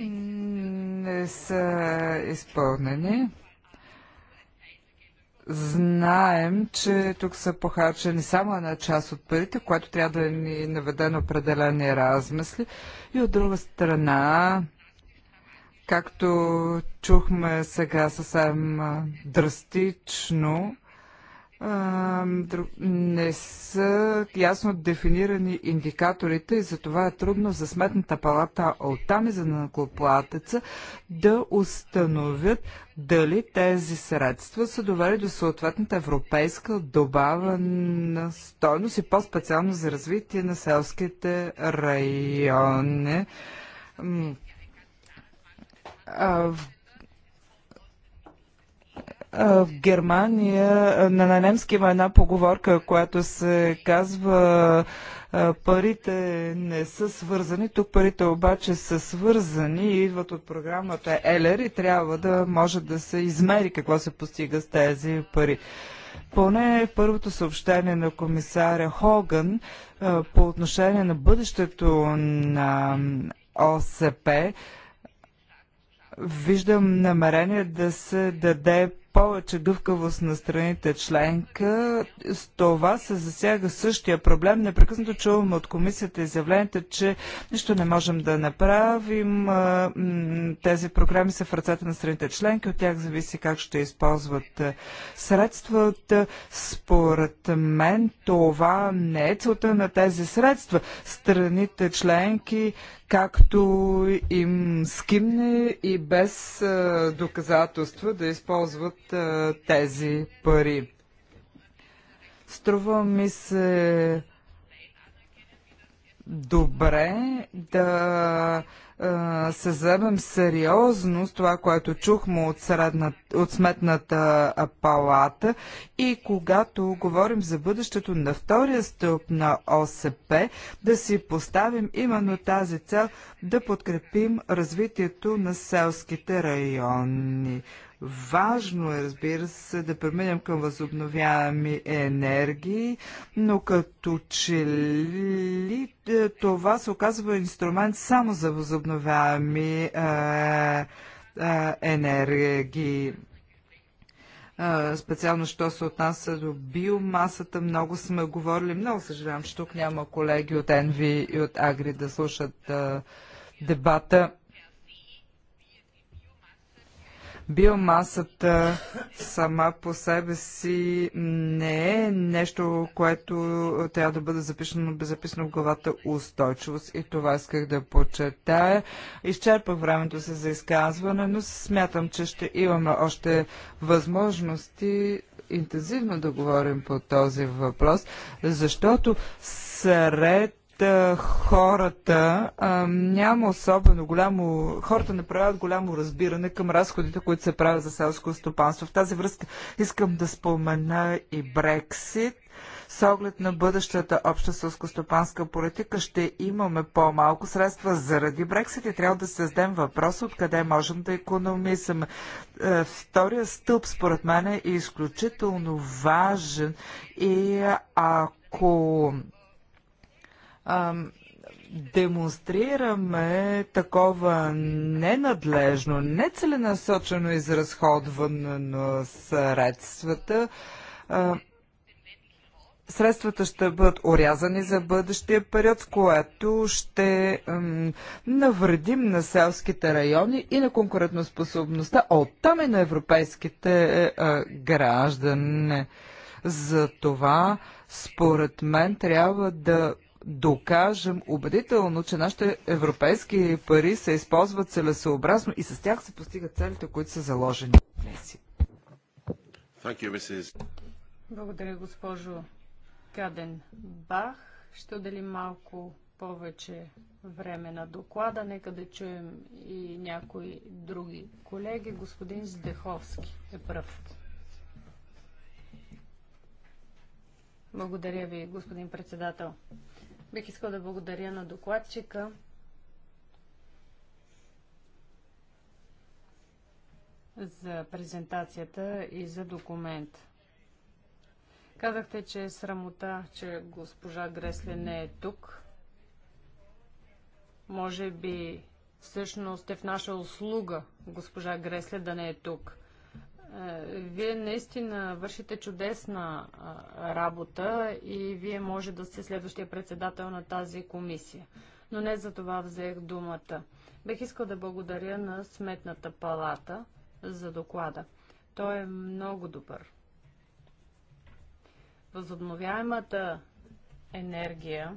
не са изпълнени. Знаем, че тук са похарчени само една част от парите, което трябва да ни наведе на определени размисли. И от друга страна, както чухме сега съвсем драстично, не са ясно дефинирани индикаторите и затова е трудно за сметната палата от там и за накоплатеца да установят дали тези средства са довели до съответната европейска добавена стойност и по-специално за развитие на селските райони. В в Германия на, на немски има една поговорка, която се казва парите не са свързани, тук парите обаче са свързани и идват от програмата Елер и трябва да може да се измери какво се постига с тези пари. Поне първото съобщение на комисаря Хоган по отношение на бъдещето на ОСП виждам намерение да се даде повече гъвкавост на страните членка. С това се засяга същия проблем. Непрекъснато чувам от комисията изявленията, че нищо не можем да направим. Тези програми са в ръцете на страните членки. От тях зависи как ще използват средствата. Според мен това не е целта на тези средства. Страните членки както им скимне и без доказателства да използват тези пари. Струва ми се добре да се вземем сериозно с това, което чухме от, средна, от сметната палата и когато говорим за бъдещето на втория стълб на ОСП, да си поставим именно тази цел да подкрепим развитието на селските райони. Важно е, разбира се, да преминем към възобновяеми енергии, но като че ли е, това се оказва инструмент само за възобновяеми е, е, енергии е, специално, що се отнася до биомасата. Много сме говорили, много съжалявам, че тук няма колеги от Енви и от Агри да слушат е, дебата. Биомасата сама по себе си не е нещо, което трябва да бъде записано, записано в главата устойчивост и това исках да почетая. Изчерпах времето се за изказване, но смятам, че ще имаме още възможности интензивно да говорим по този въпрос, защото сред хората а, няма особено голямо, хората не правят голямо разбиране към разходите, които се правят за селско стопанство. В тази връзка искам да спомена и Брексит. С оглед на бъдещата обща сълскостопанска политика ще имаме по-малко средства заради Брексит и трябва да създадем въпрос откъде можем да економисаме. Е, втория стълб според мен е изключително важен и ако демонстрираме такова ненадлежно, нецеленасочено изразходване на средствата, средствата ще бъдат орязани за бъдещия период, в което ще навредим на селските райони и на конкурентоспособността, а оттам и е на европейските е, граждани. За това, според мен, трябва да докажем убедително, че нашите европейски пари се използват целесообразно и с тях се постигат целите, които са заложени днес. Благодаря, госпожо Каден Бах. Ще отделим малко повече време на доклада. Нека да чуем и някои други колеги. Господин Здеховски е пръв. Благодаря ви, господин председател. Бих искал да благодаря на докладчика. за презентацията и за документ. Казахте, че е срамота, че госпожа Гресле не е тук. Може би всъщност е в наша услуга госпожа Гресле да не е тук. Е, вие наистина вършите чудесна работа и вие може да сте следващия председател на тази комисия. Но не за това взех думата. Бех искал да благодаря на Сметната палата за доклада. Той е много добър. Възобновяемата енергия,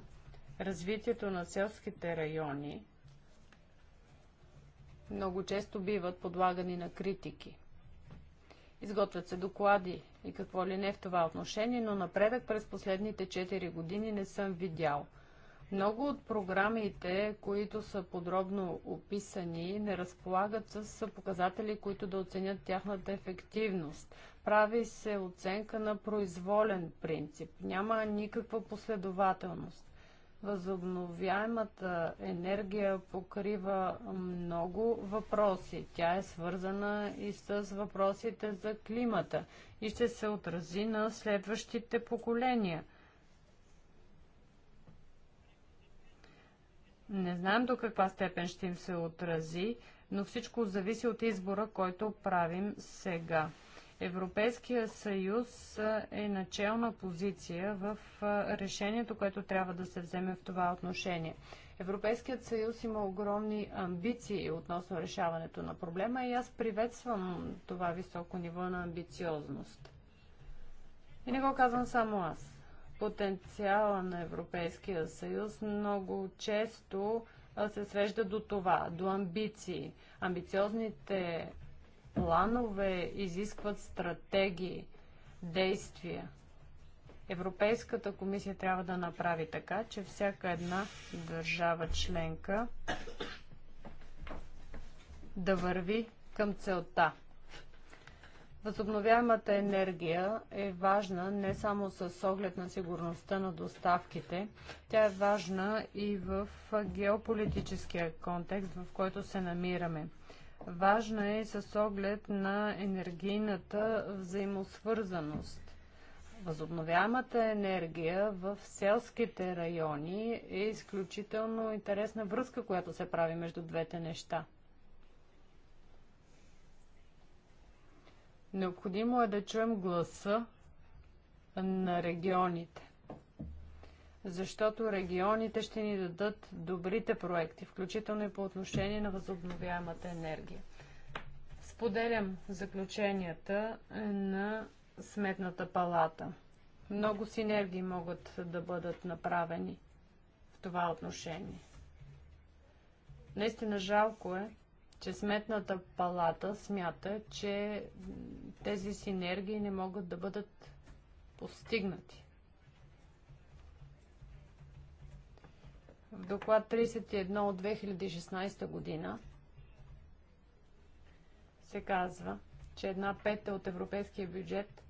развитието на селските райони много често биват подлагани на критики – Изготвят се доклади и какво ли не в това отношение, но напредък през последните 4 години не съм видял. Много от програмите, които са подробно описани, не разполагат с показатели, които да оценят тяхната ефективност. Прави се оценка на произволен принцип. Няма никаква последователност. Възобновяемата енергия покрива много въпроси. Тя е свързана и с въпросите за климата и ще се отрази на следващите поколения. Не знаем до каква степен ще им се отрази, но всичко зависи от избора, който правим сега. Европейския съюз е начална позиция в решението, което трябва да се вземе в това отношение. Европейският съюз има огромни амбиции относно решаването на проблема и аз приветствам това високо ниво на амбициозност. И не го казвам само аз. Потенциала на Европейския съюз много често се свежда до това, до амбиции. Амбициозните планове изискват стратегии, действия. Европейската комисия трябва да направи така, че всяка една държава членка да върви към целта. Възобновяемата енергия е важна не само с оглед на сигурността на доставките, тя е важна и в геополитическия контекст, в който се намираме. Важна е с оглед на енергийната взаимосвързаност. Възобновяемата енергия в селските райони е изключително интересна връзка, която се прави между двете неща. Необходимо е да чуем гласа на регионите защото регионите ще ни дадат добрите проекти, включително и по отношение на възобновяемата енергия. Споделям заключенията на Сметната палата. Много синергии могат да бъдат направени в това отношение. Наистина жалко е, че Сметната палата смята, че тези синергии не могат да бъдат постигнати. в доклад 31 от 2016 година се казва, че една пета от европейския бюджет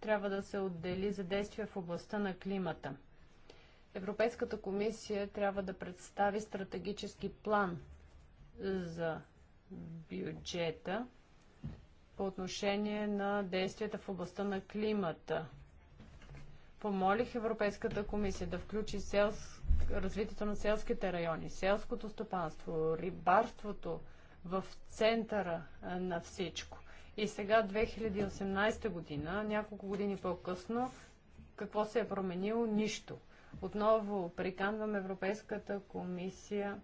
трябва да се отдели за действия в областта на климата. Европейската комисия трябва да представи стратегически план за бюджета по отношение на действията в областта на климата. Помолих Европейската комисия да включи селски развитието на селските райони, селското стопанство, рибарството в центъра на всичко. И сега 2018 година, няколко години по-късно, какво се е променило? Нищо. Отново приканвам Европейската комисия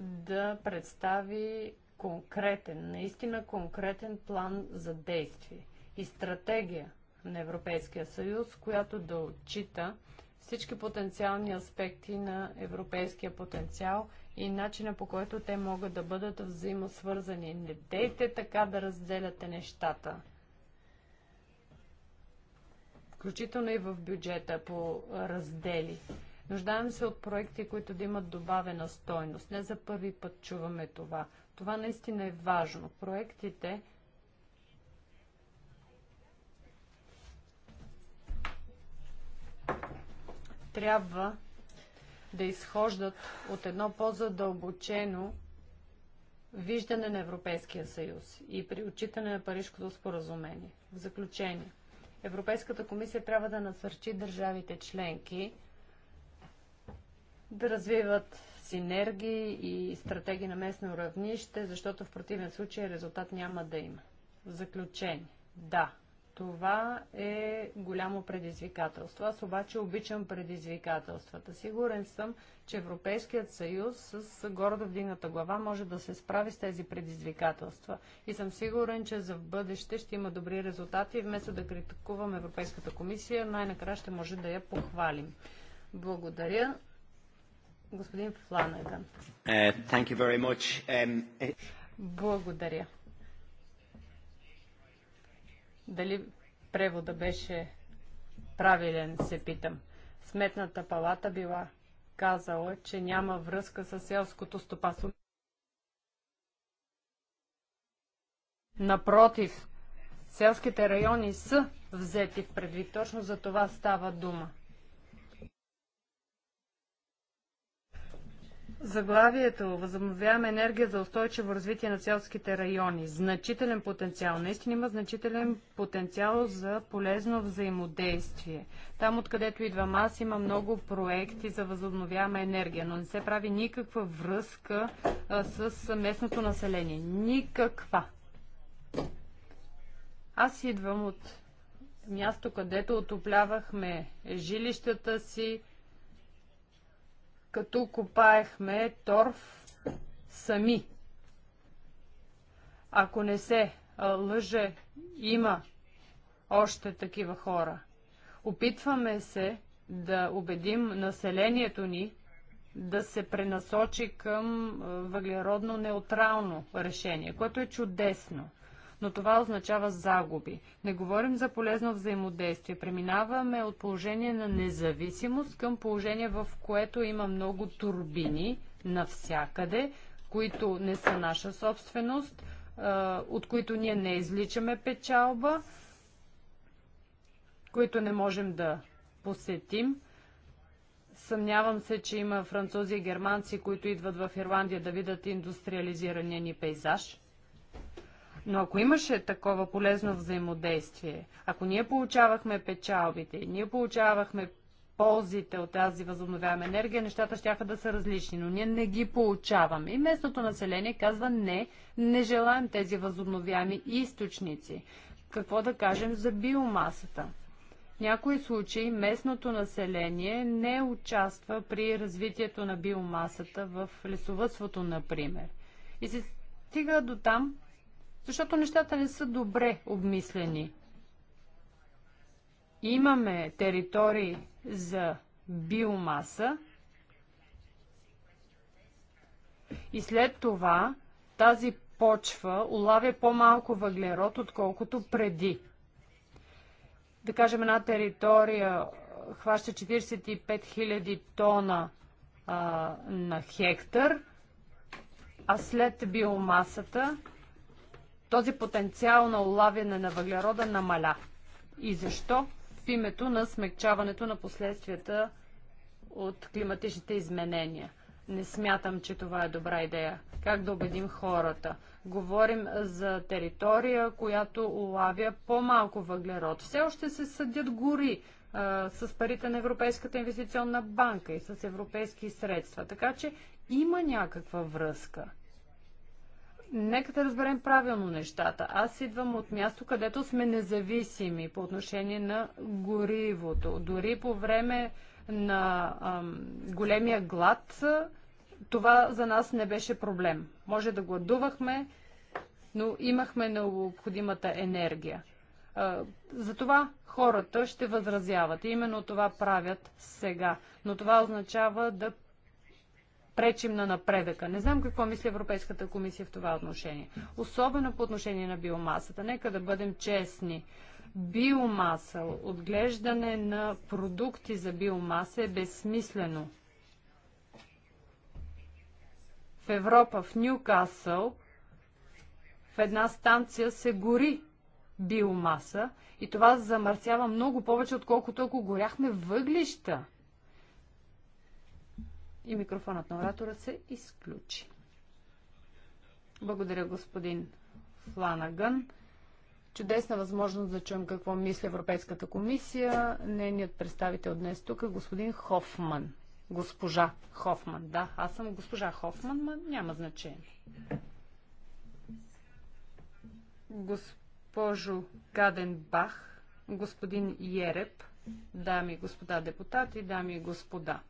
да представи конкретен, наистина конкретен план за действие и стратегия на Европейския съюз, която да отчита всички потенциални аспекти на европейския потенциал и начина по който те могат да бъдат взаимосвързани. Не дейте така да разделяте нещата. Включително и в бюджета по раздели. Нуждаем се от проекти, които да имат добавена стойност. Не за първи път чуваме това. Това наистина е важно. Проектите, трябва да изхождат от едно по-задълбочено виждане на Европейския съюз и при отчитане на Парижкото споразумение. В заключение, Европейската комисия трябва да насърчи държавите членки да развиват синергии и стратегии на местно равнище, защото в противен случай резултат няма да има. В заключение, да, това е голямо предизвикателство. Аз обаче обичам предизвикателствата. Сигурен съм, че Европейският съюз с гордо вдигната глава може да се справи с тези предизвикателства. И съм сигурен, че за бъдеще ще има добри резултати вместо да критикуваме Европейската комисия, най-накрая ще може да я похвалим. Благодаря. Господин Фланаган. Uh, um... Благодаря. Дали превода беше правилен, се питам. Сметната палата била казала, че няма връзка с селското стопанство. Напротив, селските райони са взети в предвид. Точно за това става дума. Заглавието Възобновяваме енергия за устойчиво развитие на селските райони. Значителен потенциал. Наистина има значителен потенциал за полезно взаимодействие. Там, откъдето идвам аз, има много проекти за възобновяема енергия, но не се прави никаква връзка а, с местното население. Никаква. Аз идвам от място, където отоплявахме жилищата си, като копаехме торф сами. Ако не се лъже, има още такива хора. Опитваме се да убедим населението ни да се пренасочи към въглеродно неутрално решение, което е чудесно но това означава загуби. Не говорим за полезно взаимодействие. Преминаваме от положение на независимост към положение, в което има много турбини навсякъде, които не са наша собственост, от които ние не изличаме печалба, които не можем да посетим. Съмнявам се, че има французи и германци, които идват в Ирландия да видят индустриализирания ни пейзаж. Но ако имаше такова полезно взаимодействие, ако ние получавахме печалбите, ние получавахме ползите от тази възобновяема енергия, нещата ще да са различни, но ние не ги получаваме. И местното население казва не, не желаем тези възобновяеми източници. Какво да кажем за биомасата? В някои случаи местното население не участва при развитието на биомасата в лесовътството, например. И се стига до там, защото нещата не са добре обмислени. Имаме територии за биомаса и след това тази почва улавя по-малко въглерод, отколкото преди. Да кажем, една територия хваща 45 000 тона а, на хектар, а след биомасата този потенциал на улавяне на въглерода намаля. И защо? В името на смягчаването на последствията от климатичните изменения. Не смятам, че това е добра идея. Как да убедим хората? Говорим за територия, която улавя по-малко въглерод. Все още се съдят гори а, с парите на Европейската инвестиционна банка и с европейски средства. Така че има някаква връзка нека да разберем правилно нещата. Аз идвам от място, където сме независими по отношение на горивото. Дори по време на ам, големия глад, това за нас не беше проблем. Може да гладувахме, но имахме необходимата енергия. Затова хората ще възразяват. Именно това правят сега. Но това означава да пречим на напредъка. Не знам какво мисли Европейската комисия в това отношение. Особено по отношение на биомасата. Нека да бъдем честни. Биомаса, отглеждане на продукти за биомаса е безсмислено. В Европа, в Ньюкасъл, в една станция се гори биомаса и това замърсява много повече, отколкото ако горяхме въглища. И микрофонът на оратора се изключи. Благодаря, господин Фланаган. Чудесна възможност да чуем какво мисли Европейската комисия. Нейният представител днес тук е господин Хофман. Госпожа Хофман. Да, аз съм госпожа Хофман, но няма значение. Госпожо Каденбах, господин Ереп, дами и господа депутати, дами и господа.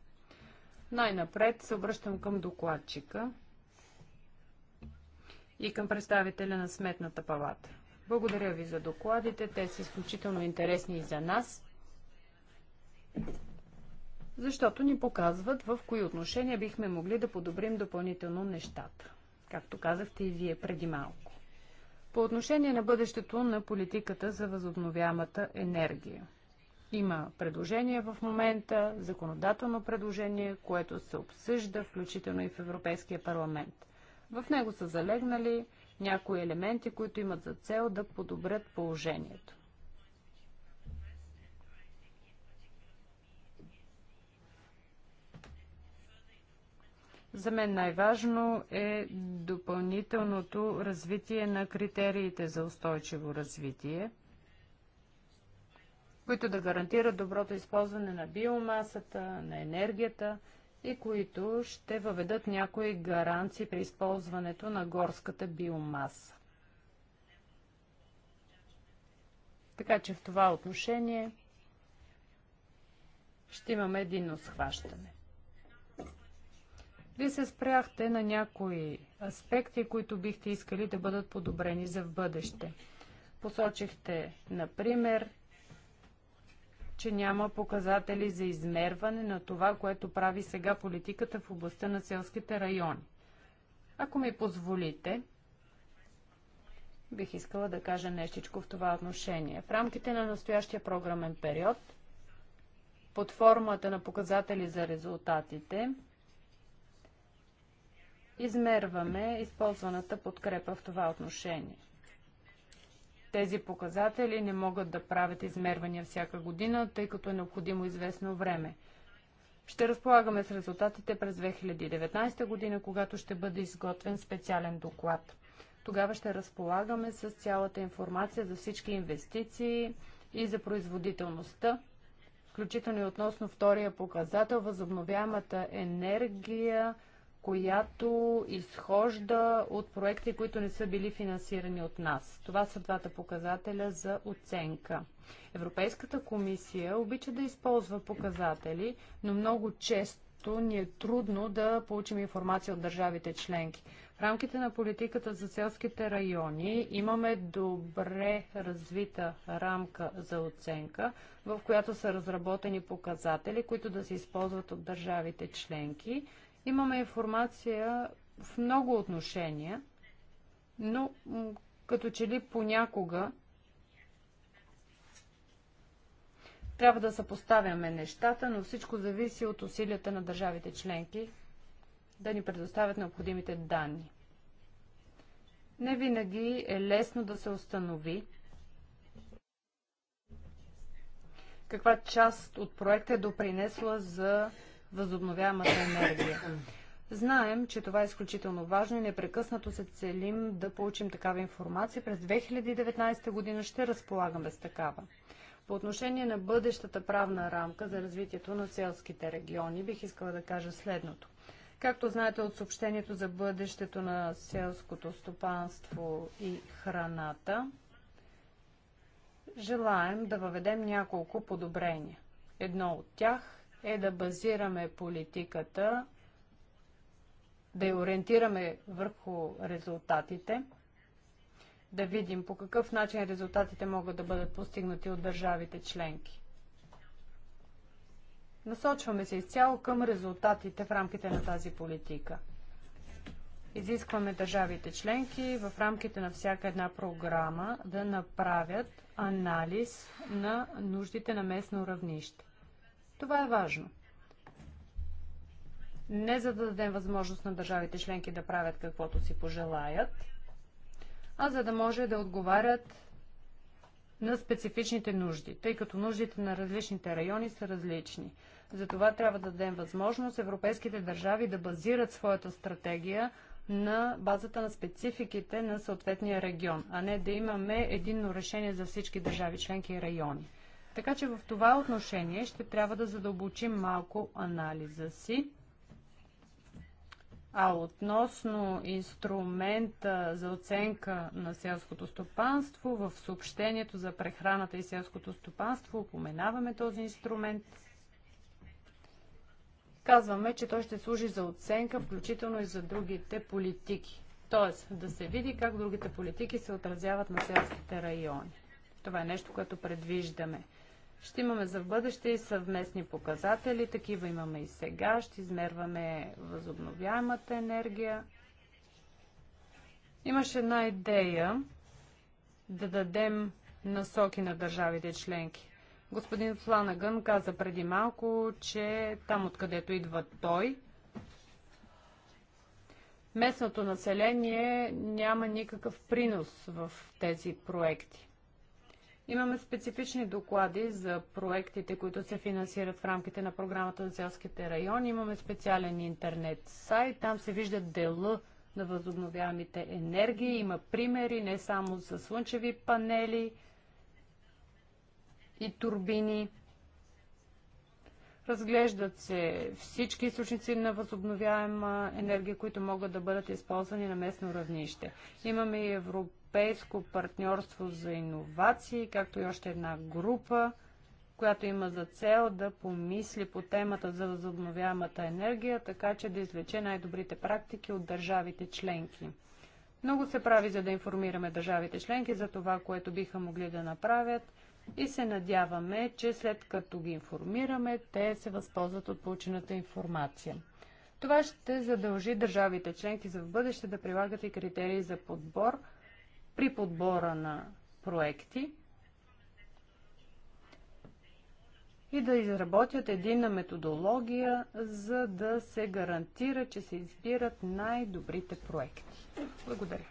Най-напред се обръщам към докладчика и към представителя на Сметната палата. Благодаря ви за докладите. Те са изключително интересни и за нас, защото ни показват в кои отношения бихме могли да подобрим допълнително нещата, както казахте и вие преди малко. По отношение на бъдещето на политиката за възобновямата енергия. Има предложение в момента, законодателно предложение, което се обсъжда, включително и в Европейския парламент. В него са залегнали някои елементи, които имат за цел да подобрят положението. За мен най-важно е допълнителното развитие на критериите за устойчиво развитие – които да гарантират доброто използване на биомасата, на енергията и които ще въведат някои гаранции при използването на горската биомаса. Така че в това отношение ще имаме един схващане. Вие се спряхте на някои аспекти, които бихте искали да бъдат подобрени за в бъдеще. Посочихте, например, че няма показатели за измерване на това, което прави сега политиката в областта на селските райони. Ако ми позволите, бих искала да кажа нещичко в това отношение. В рамките на настоящия програмен период, под формата на показатели за резултатите, измерваме използваната подкрепа в това отношение тези показатели не могат да правят измервания всяка година, тъй като е необходимо известно време. Ще разполагаме с резултатите през 2019 година, когато ще бъде изготвен специален доклад. Тогава ще разполагаме с цялата информация за всички инвестиции и за производителността, включително и относно втория показател, възобновяемата енергия, която изхожда от проекти, които не са били финансирани от нас. Това са двата показателя за оценка. Европейската комисия обича да използва показатели, но много често ни е трудно да получим информация от държавите членки. В рамките на политиката за селските райони имаме добре развита рамка за оценка, в която са разработени показатели, които да се използват от държавите членки Имаме информация в много отношения, но като че ли понякога трябва да съпоставяме нещата, но всичко зависи от усилията на държавите членки да ни предоставят необходимите данни. Не винаги е лесно да се установи каква част от проекта е допринесла за възобновяемата енергия. Знаем, че това е изключително важно и непрекъснато се целим да получим такава информация. През 2019 година ще разполагаме с такава. По отношение на бъдещата правна рамка за развитието на селските региони, бих искала да кажа следното. Както знаете от съобщението за бъдещето на селското стопанство и храната, желаем да въведем няколко подобрения. Едно от тях е да базираме политиката, да я ориентираме върху резултатите, да видим по какъв начин резултатите могат да бъдат постигнати от държавите членки. Насочваме се изцяло към резултатите в рамките на тази политика. Изискваме държавите членки в рамките на всяка една програма да направят анализ на нуждите на местно равнище. Това е важно. Не за да дадем възможност на държавите членки да правят каквото си пожелаят, а за да може да отговарят на специфичните нужди, тъй като нуждите на различните райони са различни. Затова трябва да дадем възможност европейските държави да базират своята стратегия на базата на спецификите на съответния регион, а не да имаме единно решение за всички държави, членки и райони. Така че в това отношение ще трябва да задълбочим малко анализа си. А относно инструмента за оценка на селското стопанство, в съобщението за прехраната и селското стопанство упоменаваме този инструмент. Казваме, че той ще служи за оценка, включително и за другите политики. Тоест, да се види как другите политики се отразяват на селските райони. Това е нещо, което предвиждаме. Ще имаме за в бъдеще и съвместни показатели, такива имаме и сега. Ще измерваме възобновяемата енергия. Имаше една идея да дадем насоки на държавите членки. Господин Фланагън каза преди малко, че там откъдето идва той, местното население няма никакъв принос в тези проекти. Имаме специфични доклади за проектите, които се финансират в рамките на програмата за селските райони. Имаме специален интернет сайт. Там се вижда дела на възобновяемите енергии. Има примери не само за слънчеви панели и турбини. Разглеждат се всички източници на възобновяема енергия, които могат да бъдат използвани на местно равнище. Имаме и Европа европейско партньорство за иновации, както и още една група, която има за цел да помисли по темата за възобновяемата енергия, така че да извлече най-добрите практики от държавите членки. Много се прави, за да информираме държавите членки за това, което биха могли да направят и се надяваме, че след като ги информираме, те се възползват от получената информация. Това ще задължи държавите членки за в бъдеще да прилагат и критерии за подбор – при подбора на проекти и да изработят единна методология, за да се гарантира, че се избират най-добрите проекти. Благодаря.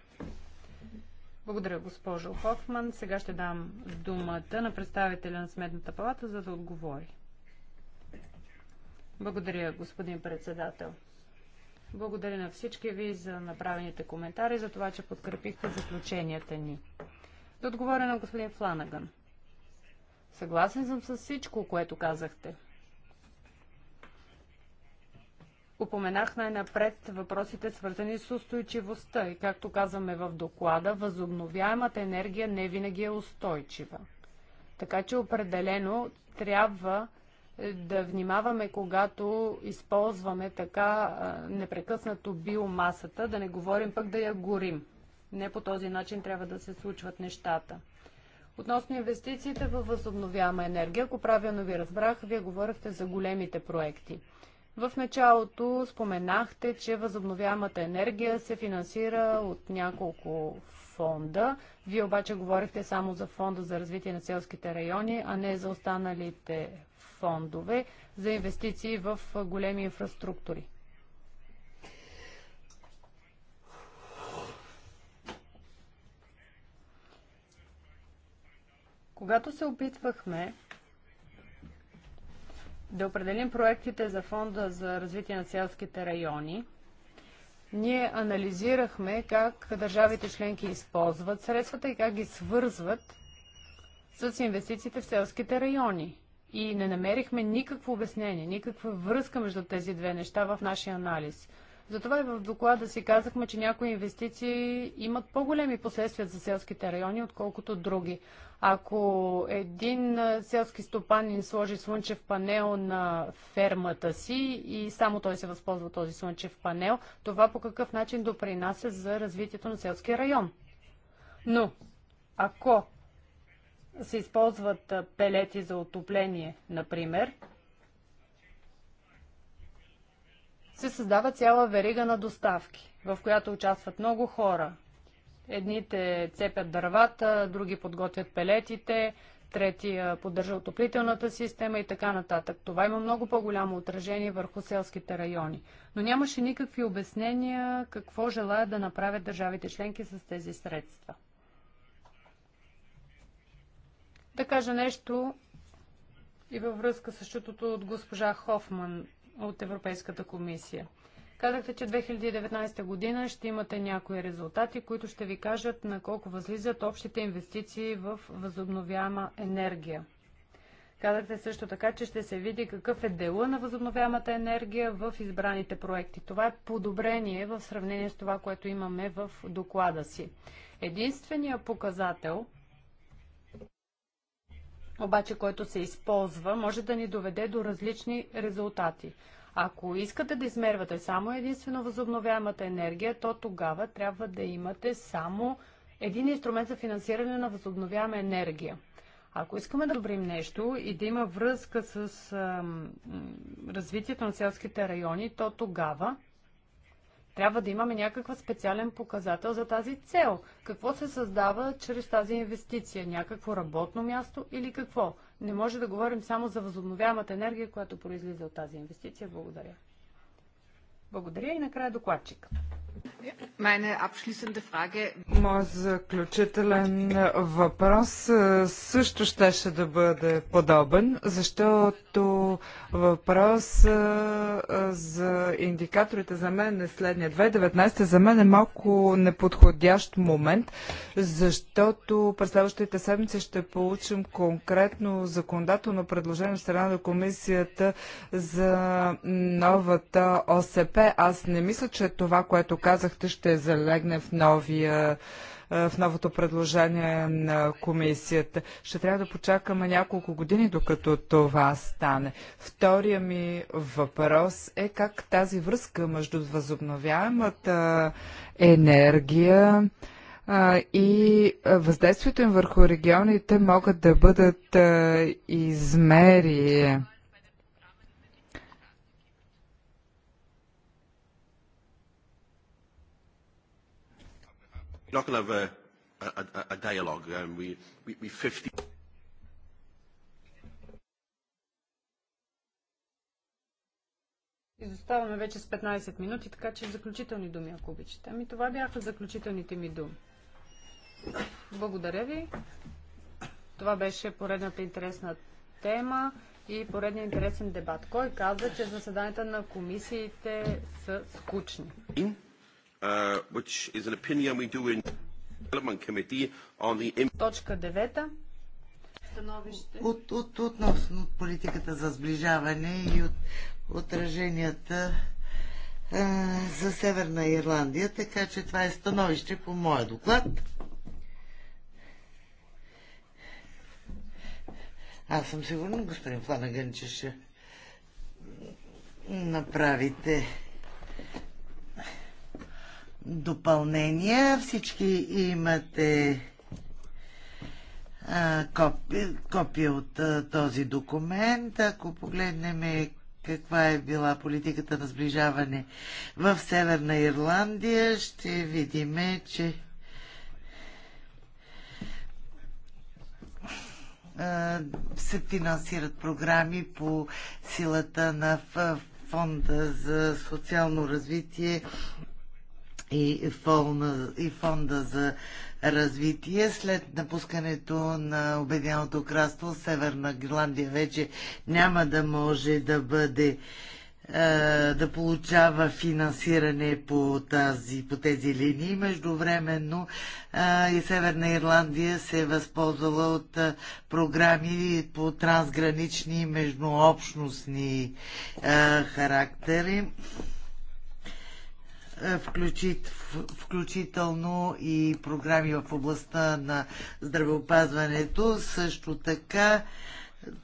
Благодаря, госпожо Хофман. Сега ще дам думата на представителя на Сметната палата, за да отговори. Благодаря, господин председател. Благодаря на всички ви за направените коментари, за това, че подкрепихте заключенията ни. Да отговоря на господин Фланаган. Съгласен съм с всичко, което казахте. Упоменах най-напред въпросите свързани с устойчивостта и както казваме в доклада, възобновяемата енергия не винаги е устойчива. Така че определено трябва да внимаваме, когато използваме така непрекъснато биомасата, да не говорим пък да я горим. Не по този начин трябва да се случват нещата. Относно инвестициите във възобновяема енергия, ако правилно ви разбрах, вие говорихте за големите проекти. В началото споменахте, че възобновяемата енергия се финансира от няколко фонда. Вие обаче говорихте само за фонда за развитие на селските райони, а не за останалите фондове за инвестиции в големи инфраструктури. Когато се опитвахме да определим проектите за фонда за развитие на селските райони, ние анализирахме как държавите членки използват средствата и как ги свързват с инвестициите в селските райони. И не намерихме никакво обяснение, никаква връзка между тези две неща в нашия анализ. Затова и в доклада си казахме, че някои инвестиции имат по-големи последствия за селските райони, отколкото други. Ако един селски стопанин сложи слънчев панел на фермата си и само той се възползва този слънчев панел, това по какъв начин допринася за развитието на селския район. Но ако се използват пелети за отопление, например, се създава цяла верига на доставки, в която участват много хора. Едните цепят дървата, други подготвят пелетите, трети поддържа отоплителната система и така нататък. Това има много по-голямо отражение върху селските райони. Но нямаше никакви обяснения какво желаят да направят държавите членки с тези средства да кажа нещо и във връзка с чутото от госпожа Хофман от Европейската комисия. Казахте, че 2019 година ще имате някои резултати, които ще ви кажат на колко възлизат общите инвестиции в възобновяема енергия. Казахте също така, че ще се види какъв е дела на възобновяемата енергия в избраните проекти. Това е подобрение в сравнение с това, което имаме в доклада си. Единственият показател, обаче който се използва, може да ни доведе до различни резултати. Ако искате да измервате само единствено възобновяемата енергия, то тогава трябва да имате само един инструмент за финансиране на възобновяема енергия. Ако искаме да добрим нещо и да има връзка с развитието на селските райони, то тогава трябва да имаме някаква специален показател за тази цел. Какво се създава чрез тази инвестиция? Някакво работно място или какво? Не може да говорим само за възобновяемата енергия, която произлиза от тази инвестиция. Благодаря. Благодаря и накрая докладчик. Моят заключителен въпрос също щеше да бъде подобен, защото въпрос за индикаторите за мен е следния. 2019 за мен е малко неподходящ момент, защото през следващите седмици ще получим конкретно законодателно предложение от страна на комисията за новата ОСП. Аз не мисля, че е това, което казахте, ще залегне в новия е, в новото предложение на комисията. Ще трябва да почакаме няколко години, докато това стане. Втория ми въпрос е как тази връзка между възобновяемата енергия и въздействието им върху регионите могат да бъдат измери. You're not going to have a, a, a dialogue. Um, we, we, we 50. Изоставаме вече с 15 минути, така че заключителни думи, ако обичате. Ами това бяха заключителните ми думи. Благодаря ви. Това беше поредната интересна тема и поредния интересен дебат. Кой каза, че заседанията на комисиите са скучни? Uh, which is an opinion we do in Development Committee on the... Точка 9. От, от, относно политиката за сближаване и от, отраженията за Северна Ирландия, така че това е становище по моя доклад. Аз съм сигурна, господин Фланаган, че ще направите допълнения. Всички имате копия копи от този документ. Ако погледнем е, каква е била политиката на сближаване в Северна Ирландия, ще видим, че се финансират програми по силата на фонда за социално развитие и, фонда, и фонда за развитие. След напускането на Обединеното кралство, Северна Гренландия вече няма да може да бъде е, да получава финансиране по, тази, по тези линии. Междувременно е, и Северна Ирландия се е възползвала от е, програми по трансгранични и междуобщностни характери. Е, включително и програми в областта на здравеопазването. Също така,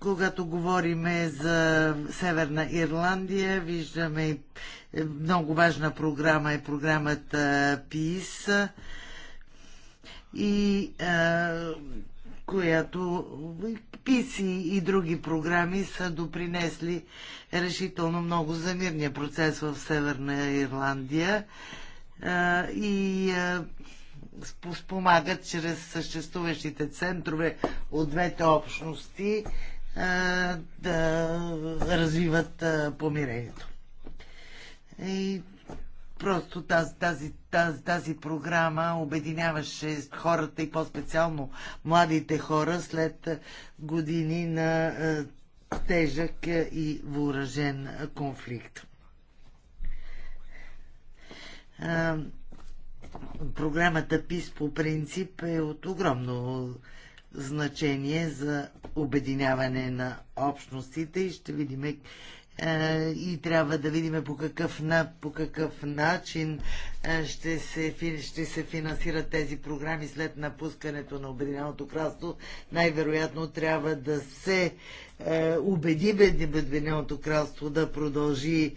когато говориме за Северна Ирландия, виждаме е, много важна програма е програмата ПИС и е, която ПИСИ и други програми са допринесли решително много за мирния процес в Северна Ирландия и спомагат чрез съществуващите центрове от двете общности да развиват помирението. И Просто тази, тази, тази, тази програма обединяваше хората и по-специално младите хора след години на тежък и въоръжен конфликт. Програмата ПИС по принцип е от огромно значение за обединяване на общностите и ще видим е, и трябва да видим по какъв, на, по какъв начин е, ще се, ще се финансират тези програми след напускането на Обединеното кралство. Най-вероятно трябва да се е, убеди Обединеното кралство да продължи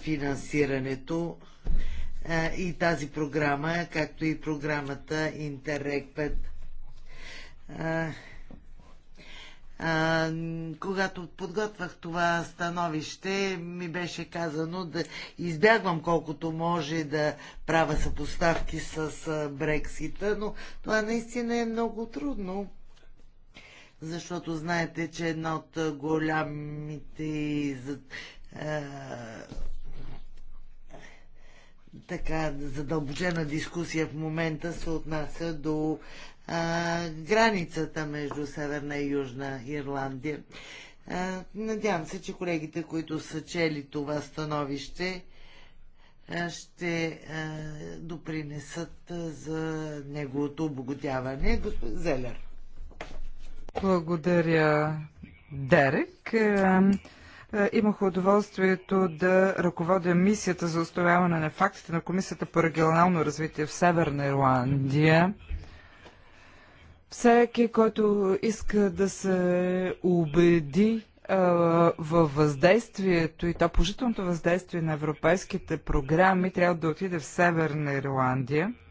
финансирането и тази програма, както и програмата Интеррекпет. А, когато подготвях това становище, ми беше казано да избягвам колкото може да правя съпоставки с Брексита, но това наистина е много трудно защото знаете, че една от голямите а, така задълбочена дискусия в момента се отнася до а, границата между Северна и Южна Ирландия. А, надявам се, че колегите, които са чели това становище, ще а, допринесат за неговото обогатяване. Господин Зелер. Благодаря, Дерек. Имах удоволствието да ръководя мисията за устояване на фактите на Комисията по регионално развитие в Северна Ирландия. Всеки, който иска да се убеди във въздействието и то положителното въздействие на европейските програми, трябва да отиде в Северна Ирландия –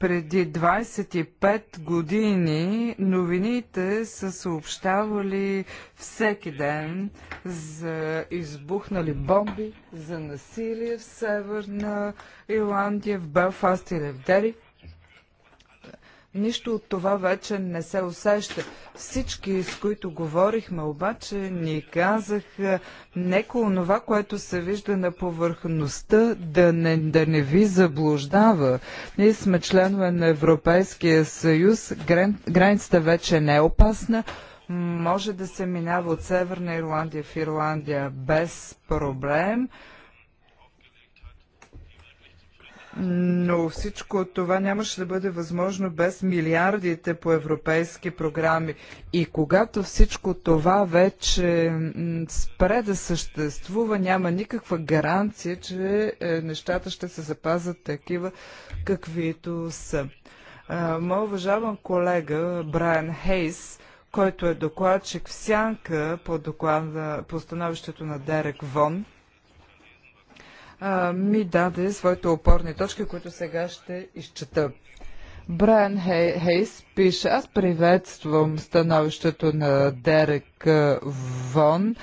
Преди 25 години новините са съобщавали всеки ден за избухнали бомби, за насилие в Северна Ирландия, в Белфаст или в Дери. Нищо от това вече не се усеща. Всички, с които говорихме, обаче ни казаха, неко онова, което се вижда на повърхността, да не, да не ви заблуждава. Ние сме членове на Европейския съюз, гран, границата вече не е опасна, може да се минава от Северна Ирландия в Ирландия без проблем. Но всичко това нямаше да бъде възможно без милиардите по европейски програми. И когато всичко това вече спре да съществува, няма никаква гаранция, че е, нещата ще се запазят такива, каквито са. Моя уважаван колега Брайан Хейс, който е докладчик в сянка по, доклада, по становището на Дерек Вон, ми даде своите опорни точки, които сега ще изчета. Брайан Хейс пише, аз приветствам становището на Дерек Вон.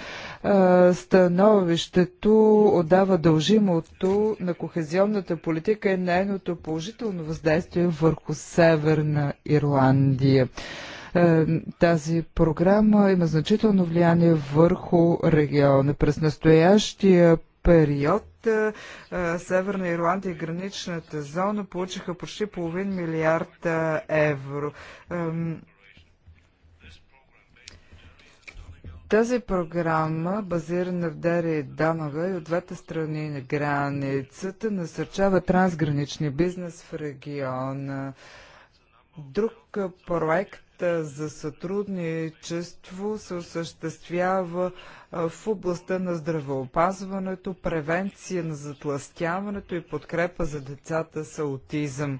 Становището отдава дължимото на кохезионната политика и нейното положително въздействие върху Северна Ирландия тази програма има значително влияние върху региона. През настоящия период Северна Ирландия и граничната зона получиха почти половин милиард евро. Тази програма, базирана в Дери и Данага и от двете страни на границата, насърчава трансграничния бизнес в региона. Друг проект за сътрудничество се осъществява в областта на здравеопазването, превенция на затластяването и подкрепа за децата с аутизъм.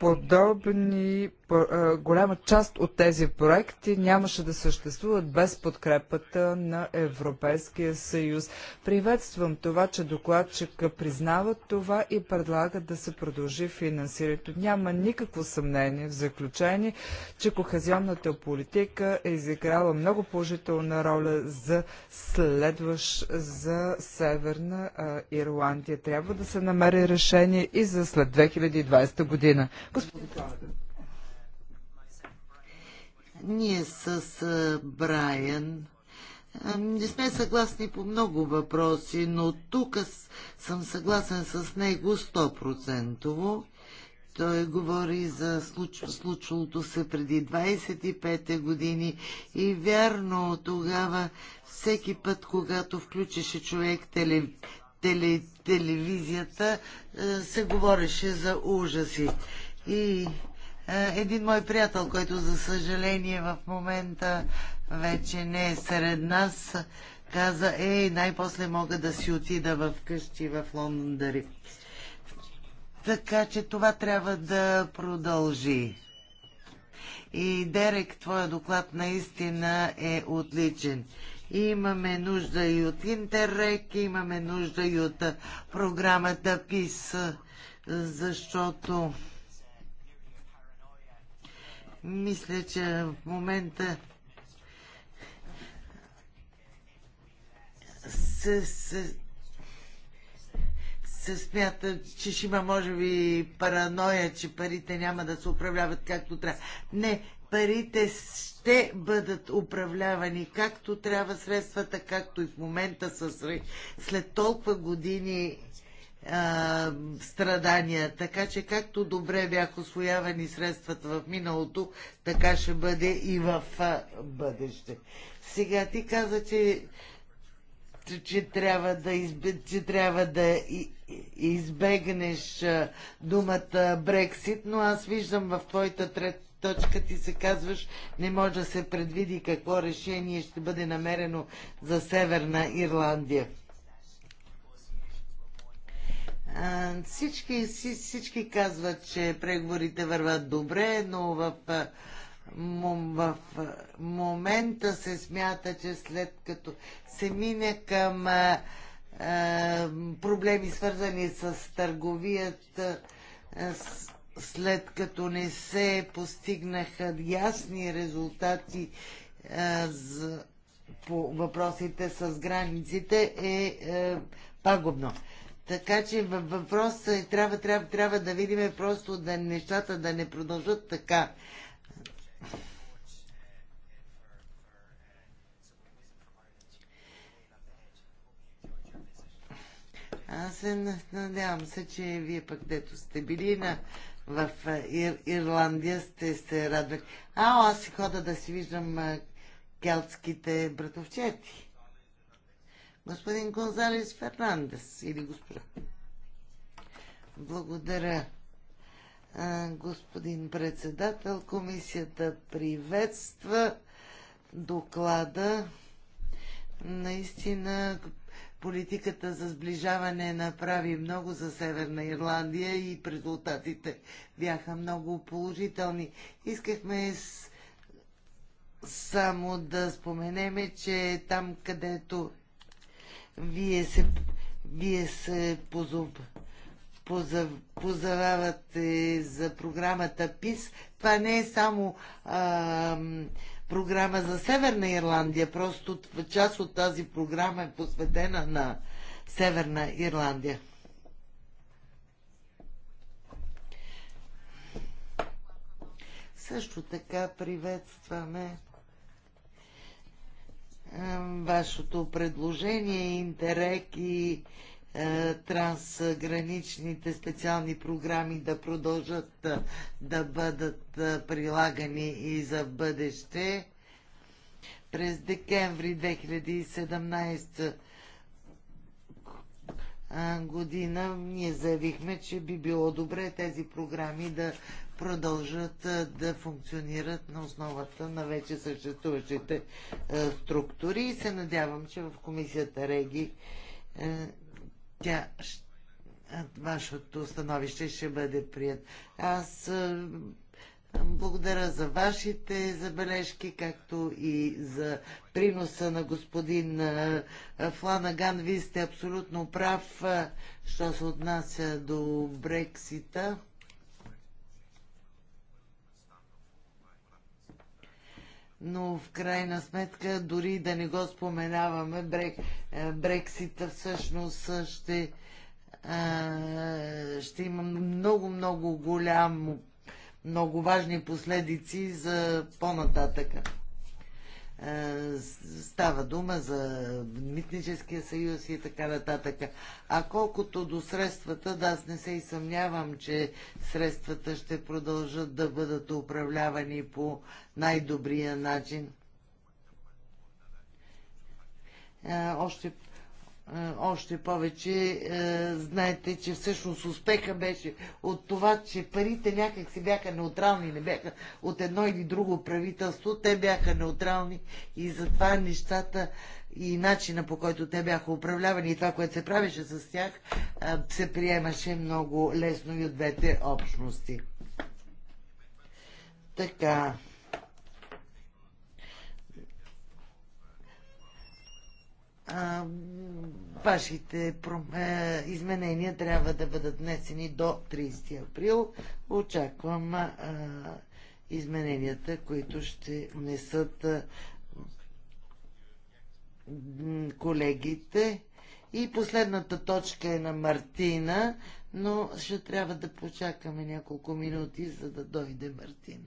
Подобни голяма част от тези проекти нямаше да съществуват без подкрепата на Европейския съюз. Приветствам това, че докладчика признава това и предлага да се продължи финансирането. Няма никакво съмнение в заключение, че кохезионната политика е изиграла много положителна роля за следващ за Северна Ирландия. Трябва да се намери решение и за след 2020 година. Господин ние с Брайан не сме съгласни по много въпроси, но тук съм съгласен с него 100%. Той говори за случ... случилото се преди 25 години и вярно тогава всеки път, когато включеше човек теле... Теле... телевизията, се говореше за ужаси. И е, един мой приятел, който за съжаление в момента вече не е сред нас, каза, ей, най-после мога да си отида в къщи в Лондъри. Така че това трябва да продължи. И Дерек, твоя доклад наистина е отличен. Имаме нужда и от Интеррек, имаме нужда и от програмата ПИС, защото мисля, че в момента се, се, се смята, че ще има, може би, параноя, че парите няма да се управляват както трябва. Не, парите ще бъдат управлявани както трябва средствата, както и в момента са след толкова години а, страдания. Така че както добре бях освоявани средствата в миналото, така ще бъде и в а, бъдеще. Сега ти каза, че, че, че трябва да, избе, че трябва да избегнеш а, думата Брексит, но аз виждам в твоята трета точка ти се казваш, не може да се предвиди какво решение ще бъде намерено за Северна Ирландия. Всички, всички казват, че преговорите върват добре, но в, в момента се смята, че след като се мине към проблеми свързани с търговията, след като не се постигнаха ясни резултати по въпросите с границите, е, е пагубно. Така че въпросът е, трябва, трябва, трябва да видим просто да нещата да не продължат така. Аз се надявам се, че вие пък дето сте били на, в Ир, Ирландия, сте се радвали. А, аз си хода да си виждам келтските братовчети. Господин Гонзалес Фернандес или госпожа. Благодаря, господин председател. Комисията приветства доклада. Наистина политиката за сближаване направи много за Северна Ирландия и резултатите бяха много положителни. Искахме с... само да споменеме, че там където вие се, вие се позуб, позав, позававате за програмата ПИС. Това не е само а, програма за Северна Ирландия, просто част от тази програма е посветена на Северна Ирландия. Също така приветстваме е, вашето предложение Интерек и е, трансграничните специални програми да продължат е, да бъдат прилагани и за бъдеще. През декември 2017 година ние заявихме, че би било добре тези програми да продължат да функционират на основата на вече съществуващите структури и се надявам, че в комисията Реги тя вашето становище ще бъде прият. Аз благодаря за вашите забележки, както и за приноса на господин Фланаган. Вие сте абсолютно прав, що се отнася до Брексита. но в крайна сметка, дори да не го споменаваме, брек, е, Брексита всъщност ще, е, ще има много-много голямо, много важни последици за по-нататъка става дума за митническия съюз и така нататък. А колкото до средствата, да, аз не се и съмнявам, че средствата ще продължат да бъдат управлявани по най-добрия начин. Още е, още повече е, знаете, че всъщност успеха беше от това, че парите някак си бяха неутрални, не бяха от едно или друго правителство, те бяха неутрални и затова нещата и начина по който те бяха управлявани и това, което се правеше с тях, е, се приемаше много лесно и от двете общности. Така. вашите е, изменения трябва да бъдат внесени до 30 април. Очаквам измененията, които ще внесат колегите. И последната точка е на Мартина, но ще трябва да почакаме няколко минути, за да дойде Мартина.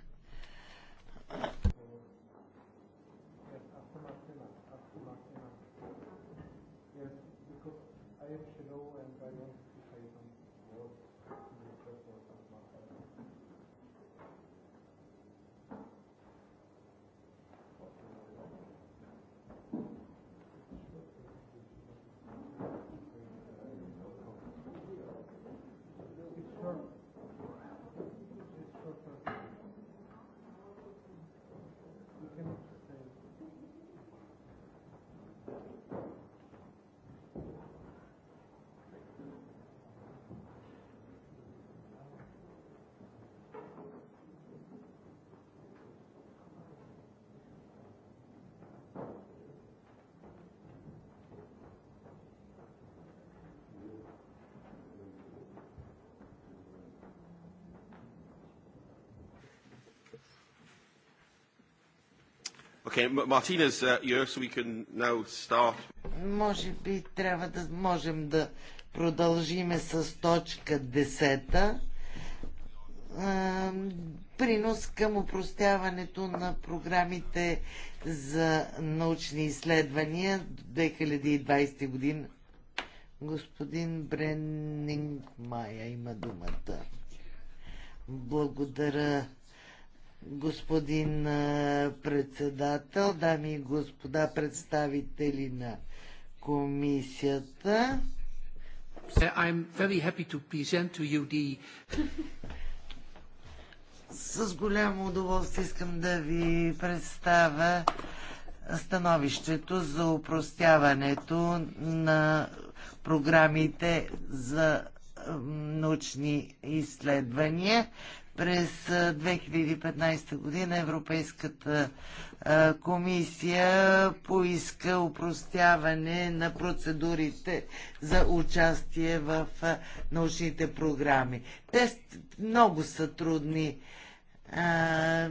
Okay, Martinez, uh, so we can now start. Може би трябва да можем да продължиме с точка 10 принос към упростяването на програмите за научни изследвания до 2020 година. Господин Бренинг Майя има думата. Благодаря, господин председател, дами и господа представители на комисията. I'm very happy to present to you the... С голямо удоволствие искам да ви представя становището за упростяването на програмите за научни изследвания. През 2015 година Европейската комисия поиска упростяване на процедурите за участие в научните програми. Те много са трудни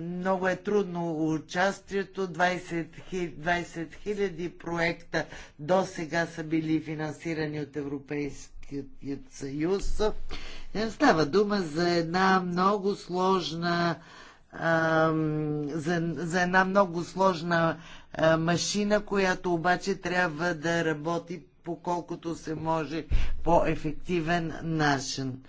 много е трудно участието. 20 000 проекта до сега са били финансирани от Европейският съюз. Е, става дума за една много сложна за, за една много сложна машина, която обаче трябва да работи по колкото се може по-ефективен начин.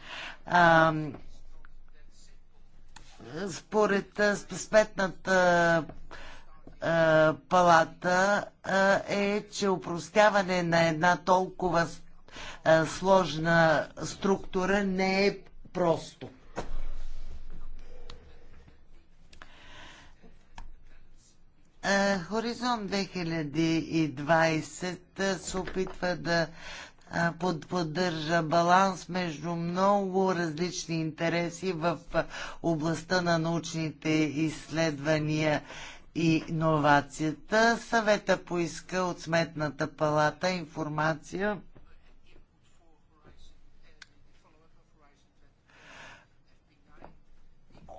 според сметната палата е, че упростяване на една толкова е, сложна структура не е просто. Е, Хоризонт 2020 е, се опитва да поддържа баланс между много различни интереси в областта на научните изследвания и иновацията. Съвета поиска от Сметната палата информация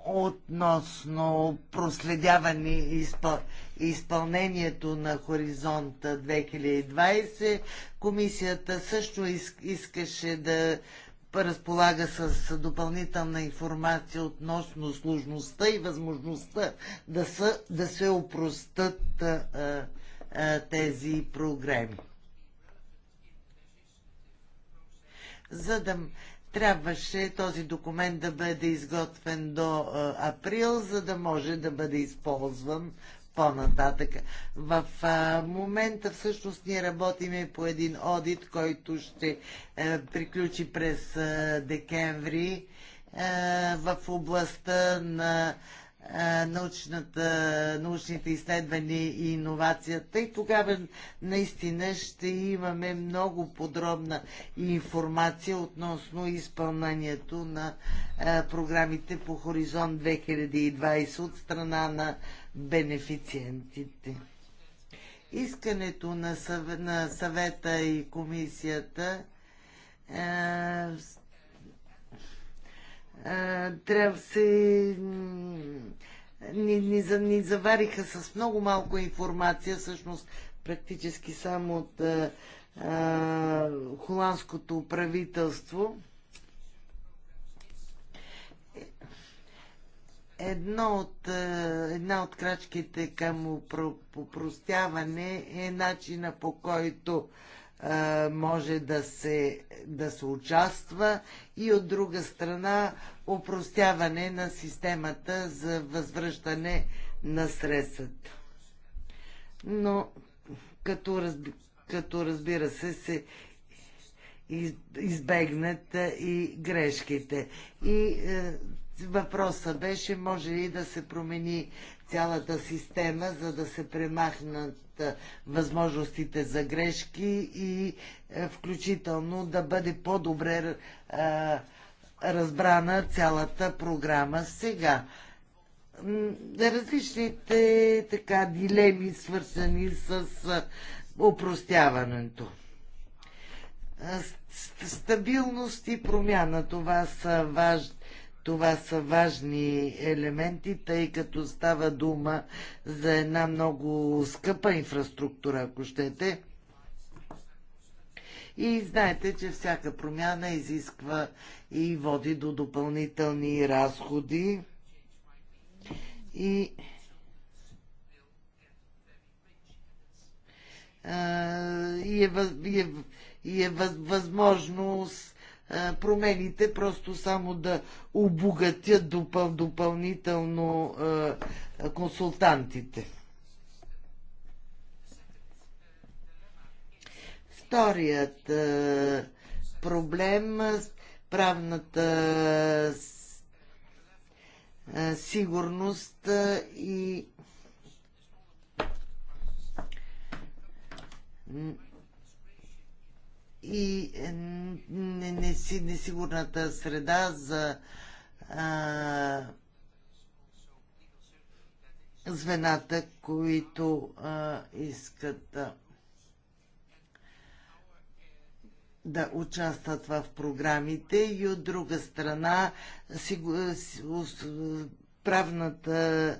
относно проследяване и изпъл... изпълнението на Хоризонта 2020. Комисията също искаше да разполага с допълнителна информация относно сложността и възможността да, са, да се опростат а, а, тези програми. За да, Трябваше този документ да бъде изготвен до е, април, за да може да бъде използван по-нататък. В а, е, момента всъщност ние работиме по един одит, който ще е, приключи през е, декември е, в областта на е, научната, научните изследвания и иновацията. И тогава наистина ще имаме много подробна информация относно изпълнението на е, програмите по Хоризонт 2020 от страна на бенефициентите. Искането на, съвета и комисията е, трябва се ни, ни, ни завариха с много малко информация, всъщност практически само от а, а, холандското правителство. Едно от, една от крачките към упростяване е начина по който може да се, да се участва и от друга страна упростяване на системата за възвръщане на средствата. Но като, разби, като разбира се, се избегнат и грешките. И е, въпросът беше, може ли да се промени цялата система, за да се премахнат възможностите за грешки и е, включително да бъде по-добре разбрана цялата програма сега. Различните така дилеми, свързани с упростяването. Стабилност и промяна това са важни това са важни елементи, тъй като става дума за една много скъпа инфраструктура, ако щете. И знаете, че всяка промяна изисква и води до допълнителни разходи. И е и е, и е, и е възможност промените просто само да обогатят допъл, допълнително консултантите. Вторият проблем правната сигурност и и е, несигурната среда за а, звената, които а, искат да, да участват в програмите и от друга страна сигур, правната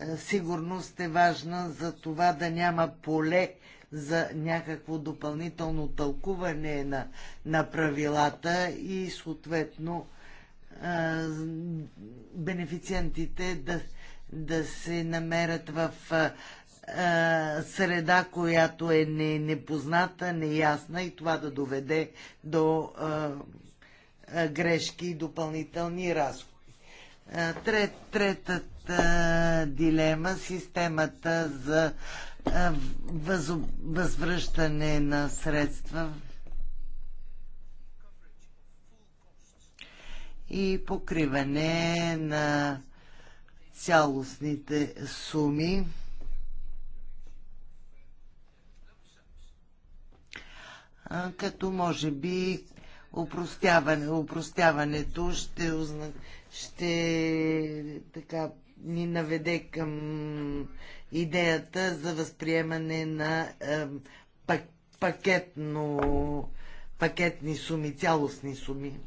е, сигурност е важна за това да няма поле за някакво допълнително тълкуване на, на правилата и съответно а, е, бенефициентите да, да се намерят в а, е, среда, която е не, непозната, неясна и това да доведе до а, грешки и допълнителни разходи. Е, трет, третата е, дилема системата за е, въз, възвръщане на средства и покриване на цялостните суми. като може би упростяване, упростяването ще, ще така ни наведе към идеята за възприемане на е, пак, пакетно, пакетни суми, цялостни суми.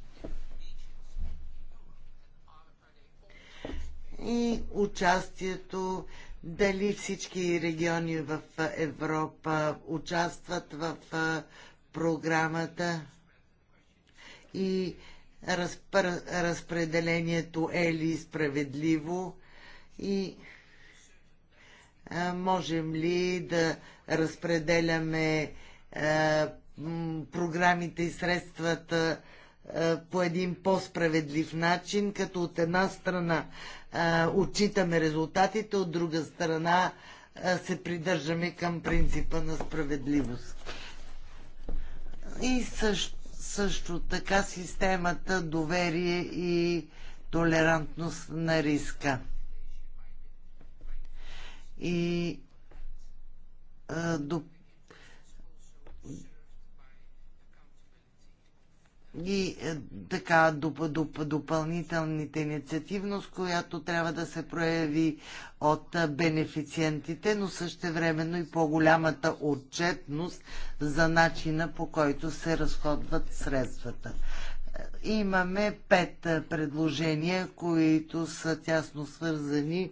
И участието, дали всички региони в Европа участват в е, програмата и разпр... разпределението е ли справедливо и а, можем ли да разпределяме а, програмите и средствата по един по-справедлив начин, като от една страна отчитаме резултатите, от друга страна се придържаме към принципа на справедливост. И също също така системата доверие и толерантност на риска. И до и е, така доп, доп, допълнителните инициативност, която трябва да се прояви от е, бенефициентите, но времено и по-голямата отчетност за начина по който се разходват средствата. Е, имаме пет предложения, които са тясно свързани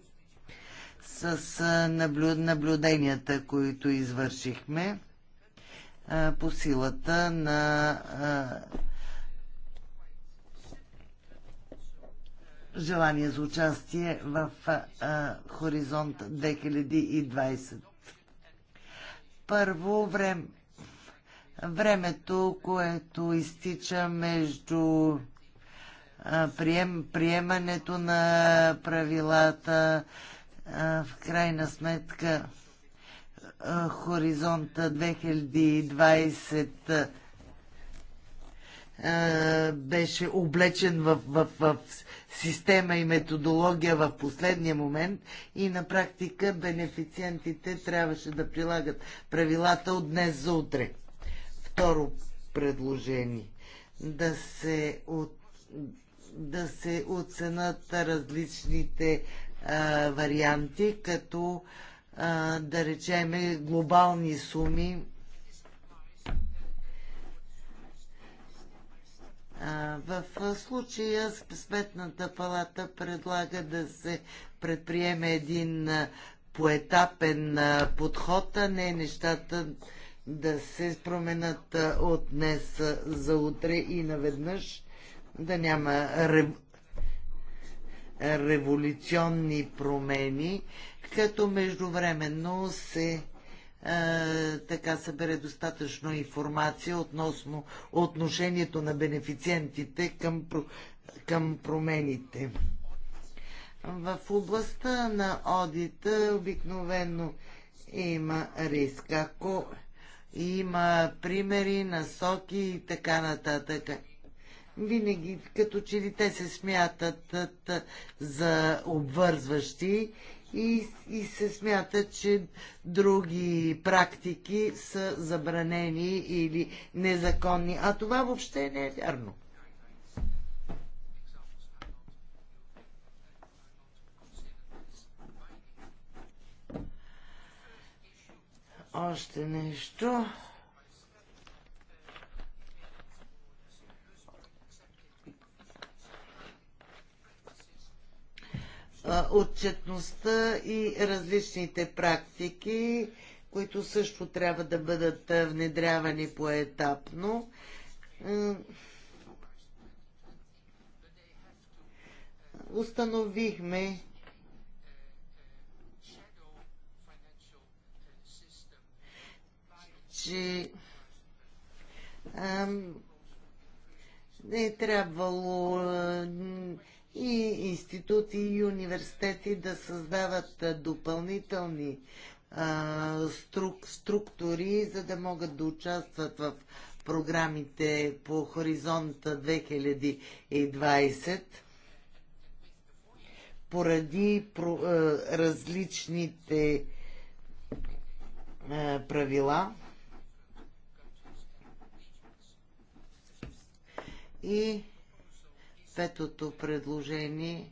с наблюденията, които извършихме по силата на желание за участие в а, Хоризонт 2020. Първо време, времето, което изтича между а, прием, приемането на правилата, а, в крайна сметка а, Хоризонта 2020 беше облечен в, в, в, в система и методология в последния момент и на практика бенефициентите трябваше да прилагат правилата от днес за утре. Второ предложение. Да се, от, да се оценят различните а, варианти, като а, да речеме глобални суми В случая Сметната палата предлага да се предприеме един поетапен подход, а не нещата да се променят от днес за утре и наведнъж да няма рев... революционни промени, като междувременно се е, така събере достатъчно информация относно отношението на бенефициентите към, към промените. В областта на одита обикновено има риск. Ако има примери, насоки и така нататък. Винаги, като че ли те се смятат за обвързващи и, и се смята, че други практики са забранени или незаконни. А това въобще не е вярно. Още нещо. отчетността и различните практики, които също трябва да бъдат внедрявани поетапно. Установихме, че не е трябвало и институти и университети да създават допълнителни а, струк, структури, за да могат да участват в програмите по хоризонта 2020 поради про, а, различните а, правила. И петото предложение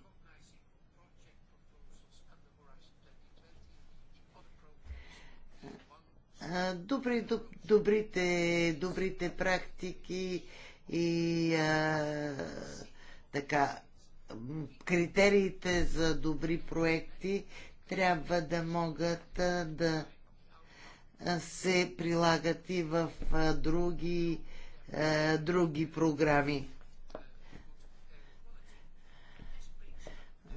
добри, добрите, добрите практики и а, така критериите за добри проекти трябва да могат а, да се прилагат и в а, други, а, други програми.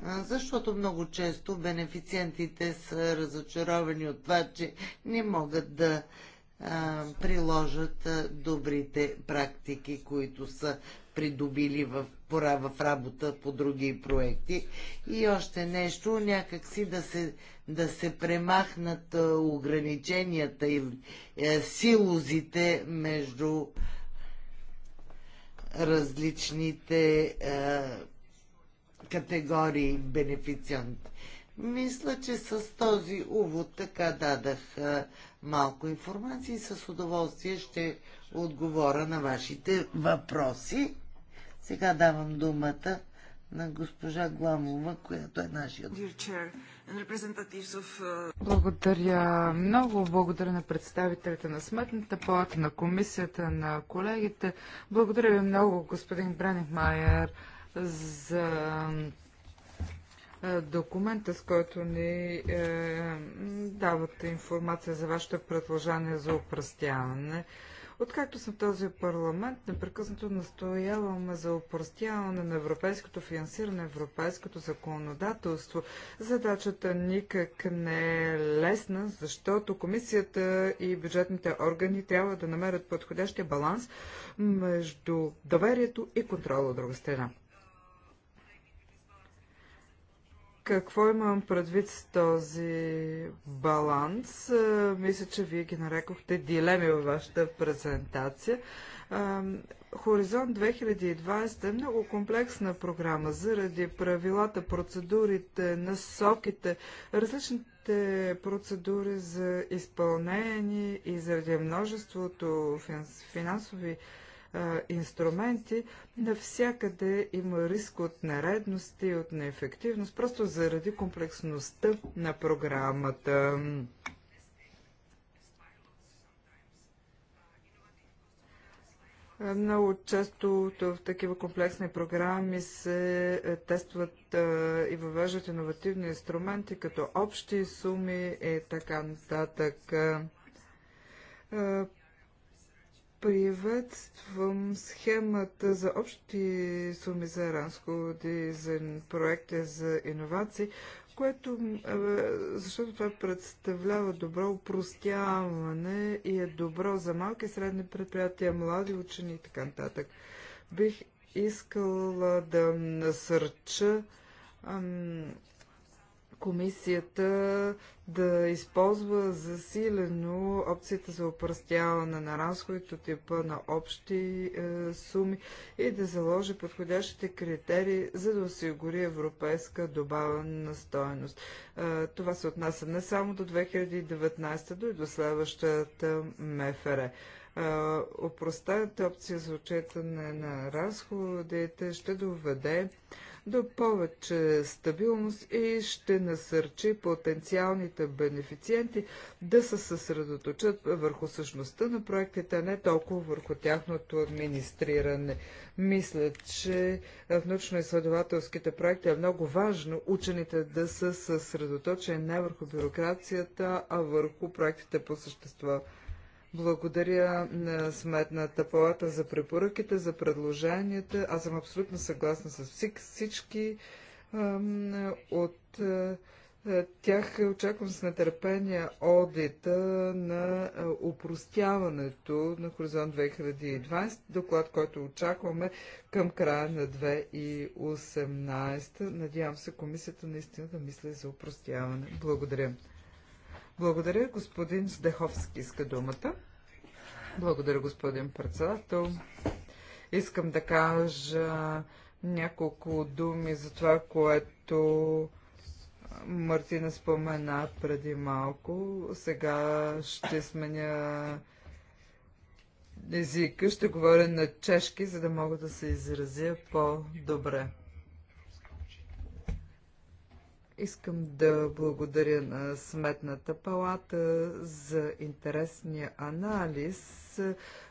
защото много често бенефициентите са разочаровани от това, че не могат да а, приложат добрите практики, които са придобили в, пора в работа по други проекти. И още нещо, някакси да се, да се премахнат ограниченията и е, силозите между различните е, категории бенефициент. Мисля, че с този увод така дадах малко информация и с удоволствие ще отговоря на вашите въпроси. Сега давам думата на госпожа Гламова, която е нашия. Uh, Благодаря много. Благодаря на представителите на Сметната палата, на комисията, на колегите. Благодаря ви много, господин Бранихмайер. Майер за е, документа, с който ни е, давате информация за вашето предложение за упростяване. Откакто съм в този парламент, непрекъснато настояваме за упростяване на европейското финансиране, европейското законодателство. Задачата никак не е лесна, защото комисията и бюджетните органи трябва да намерят подходящия баланс между доверието и контрола от друга страна. Какво имам предвид с този баланс? Мисля, че вие ги нарекохте дилеми във вашата презентация. Хоризонт 2020 е много комплексна програма заради правилата, процедурите, насоките, различните процедури за изпълнение и заради множеството финансови инструменти, навсякъде има риск от наредности, от неефективност, просто заради комплексността на програмата. Много често в такива комплексни програми се е, тестват и въвеждат иновативни инструменти, като общи суми и така нататък. Приветствам схемата за общи суми за разходи за проекти за иновации, което, е, защото това представлява добро упростяване и е добро за малки и средни предприятия, млади учени и така нататък. Бих искала да насърча ам, комисията да използва засилено опцията за опръстяване на разходите от типа на общи е, суми и да заложи подходящите критерии, за да осигури европейска добавена стоеност. Е, това се отнася не само до 2019, до и до следващата МФР. Е, Опростената опция за отчетане на разходите ще доведе до повече стабилност и ще насърчи потенциалните бенефициенти да се съсредоточат върху същността на проектите, а не толкова върху тяхното администриране. Мисля, че в научно-изследователските проекти е много важно учените да са съсредоточени не върху бюрокрацията, а върху проектите по същество. Благодаря на Сметната палата за препоръките, за предложенията. Аз съм абсолютно съгласна с всички от е, е, тях очаквам с нетърпение одита на е, упростяването на Хоризонт 2020, доклад, който очакваме към края на 2018. Надявам се комисията наистина да мисли за упростяване. Благодаря. Благодаря. Господин Здеховски иска думата. Благодаря, господин председател. Искам да кажа няколко думи за това, което Мартина спомена преди малко. Сега ще сменя езика, ще говоря на чешки, за да мога да се изразя по-добре. Искам да благодаря на Сметната палата за интересния анализ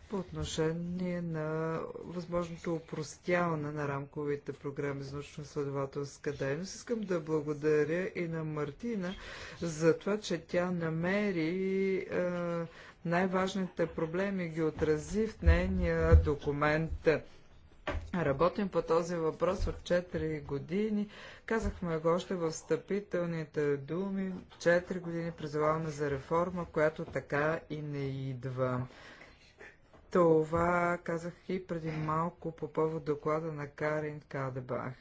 по отношение на възможното упростяване на рамковите програми за научно-следователска дейност. Искам да благодаря и на Мартина за това, че тя намери най-важните проблеми ги отрази в нейния документ. Работим по този въпрос от 4 години. Казахме го още в стъпителните думи. 4 години призоваваме за реформа, която така и не идва. Това казах и преди малко по повод доклада на Карин Кадебах.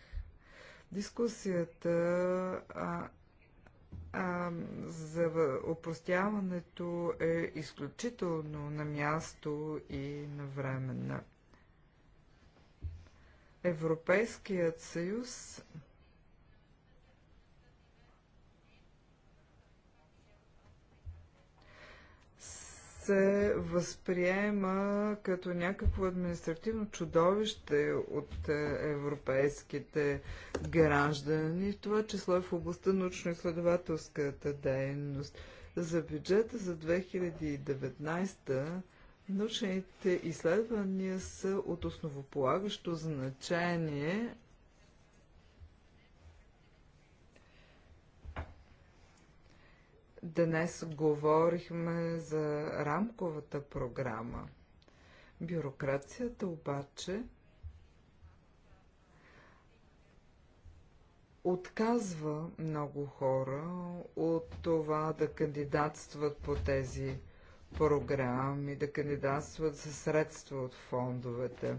Дискусията а, а, за опростяването е изключително на място и навременна. Европейският съюз се възприема като някакво административно чудовище от европейските граждани, в това число е в областта научно-изследователската дейност. За бюджета за 2019 Научните изследвания са от основополагащо значение Днес говорихме за рамковата програма. Бюрокрацията обаче отказва много хора от това да кандидатстват по тези програми, да кандидатстват за средства от фондовете.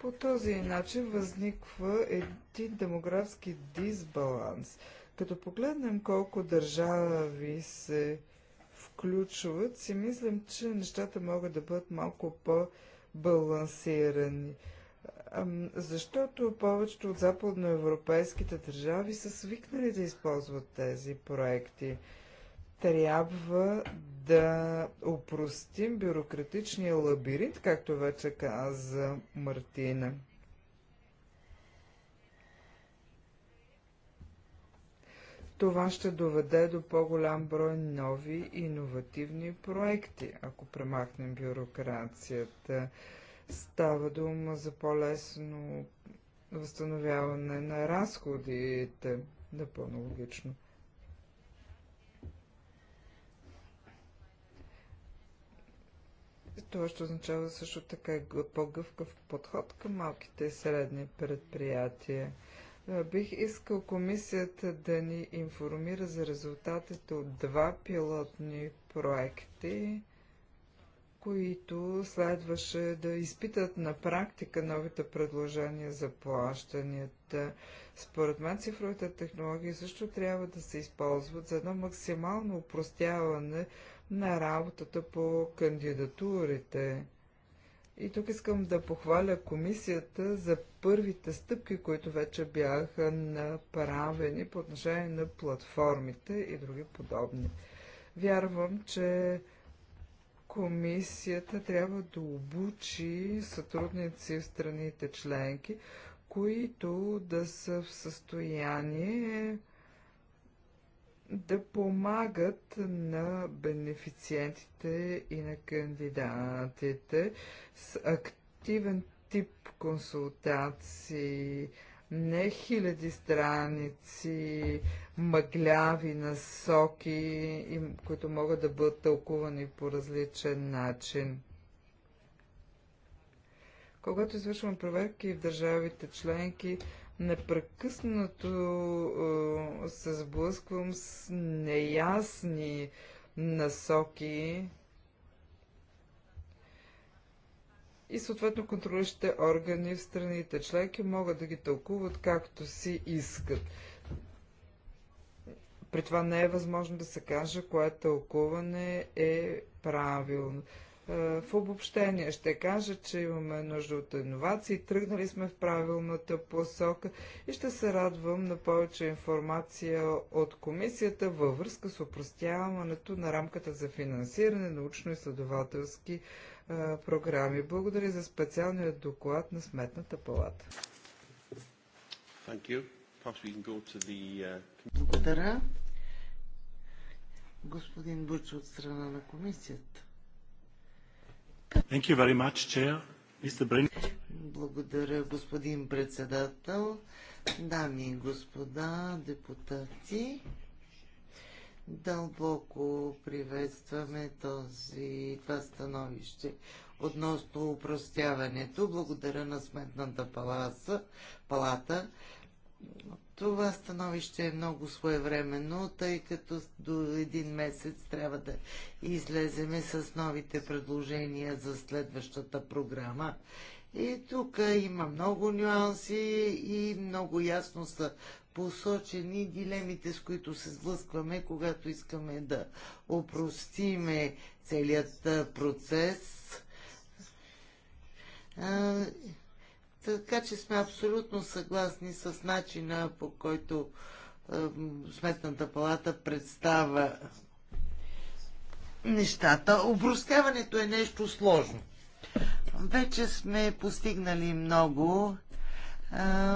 По този начин възниква един демографски дисбаланс. Като погледнем колко държави се включват, си мислим, че нещата могат да бъдат малко по-балансирани защото повечето от западноевропейските държави са свикнали да използват тези проекти. Трябва да опростим бюрократичния лабиринт, както вече каза Мартина. Това ще доведе до по-голям брой нови иновативни проекти, ако премахнем бюрокрацията. Става дума за по-лесно възстановяване на разходите. Напълно логично. Това ще означава също така по-гъвкав подход към малките и средни предприятия. Бих искал комисията да ни информира за резултатите от два пилотни проекти които следваше да изпитат на практика новите предложения за плащанията. Според мен цифровите технологии също трябва да се използват за едно максимално упростяване на работата по кандидатурите. И тук искам да похваля комисията за първите стъпки, които вече бяха направени по отношение на платформите и други подобни. Вярвам, че комисията трябва да обучи сътрудници в страните членки, които да са в състояние да помагат на бенефициентите и на кандидатите с активен тип консултации, не хиляди страници, мъгляви насоки, които могат да бъдат тълкувани по различен начин. Когато извършвам проверки в държавите членки, непрекъснато е, се сблъсквам с неясни насоки, и съответно контролиращите органи в страните членки могат да ги тълкуват както си искат. При това не е възможно да се каже кое тълкуване е правилно. Е, в обобщение ще кажа, че имаме нужда от иновации, тръгнали сме в правилната посока и ще се радвам на повече информация от комисията във връзка с упростяването на рамката за финансиране научно-изследователски програми. Благодаря за специалния доклад на Сметната палата. Uh, Благодаря. Господин Буч от страна на комисията. Thank you very much, Chair. Благодаря, господин председател. Дами и господа депутати, Дълбоко приветстваме този, това становище относно упростяването. Благодаря на Сметната паласа, палата. Това становище е много своевременно, тъй като до един месец трябва да излеземе с новите предложения за следващата програма. И тук има много нюанси и много ясно са посочени дилемите, с които се сблъскваме, когато искаме да опростиме целият процес. Така че сме абсолютно съгласни с начина по който Сметната палата представа нещата. Обрускаването е нещо сложно. Вече сме постигнали много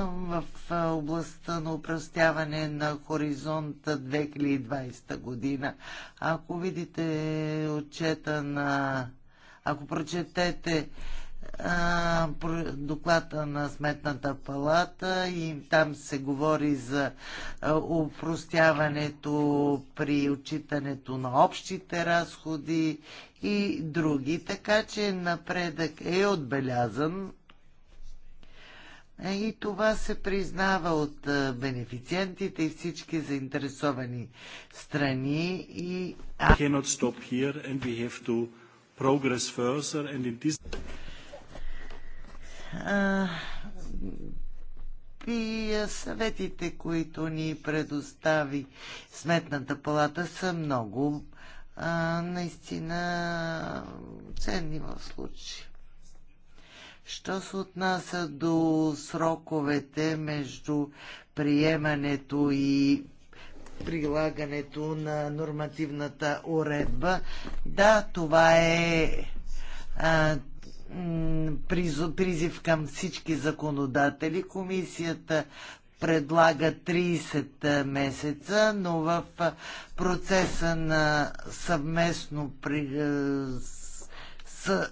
в областта на упростяване на хоризонта 2020 година. Ако видите отчета на... Ако прочетете доклада на Сметната палата и там се говори за упростяването при отчитането на общите разходи и други. Така че напредък е отбелязан е, и това се признава от е, бенефициентите и всички заинтересовани страни. И... и е, съветите, които ни предостави Сметната палата, са много а, наистина ценни в случая. Що се отнася до сроковете между приемането и прилагането на нормативната уредба, да, това е а, призив към всички законодатели. Комисията предлага 30 месеца, но в процеса на съвместно при, с,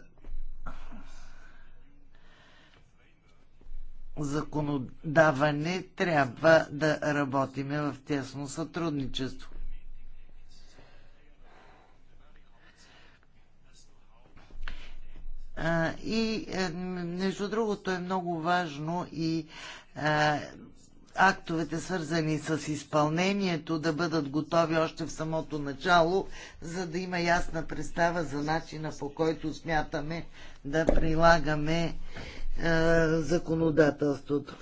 законодаване трябва да работиме в тясно сътрудничество. И е, между другото е много важно и е, актовете свързани с изпълнението да бъдат готови още в самото начало, за да има ясна представа за начина по който смятаме да прилагаме законодателството.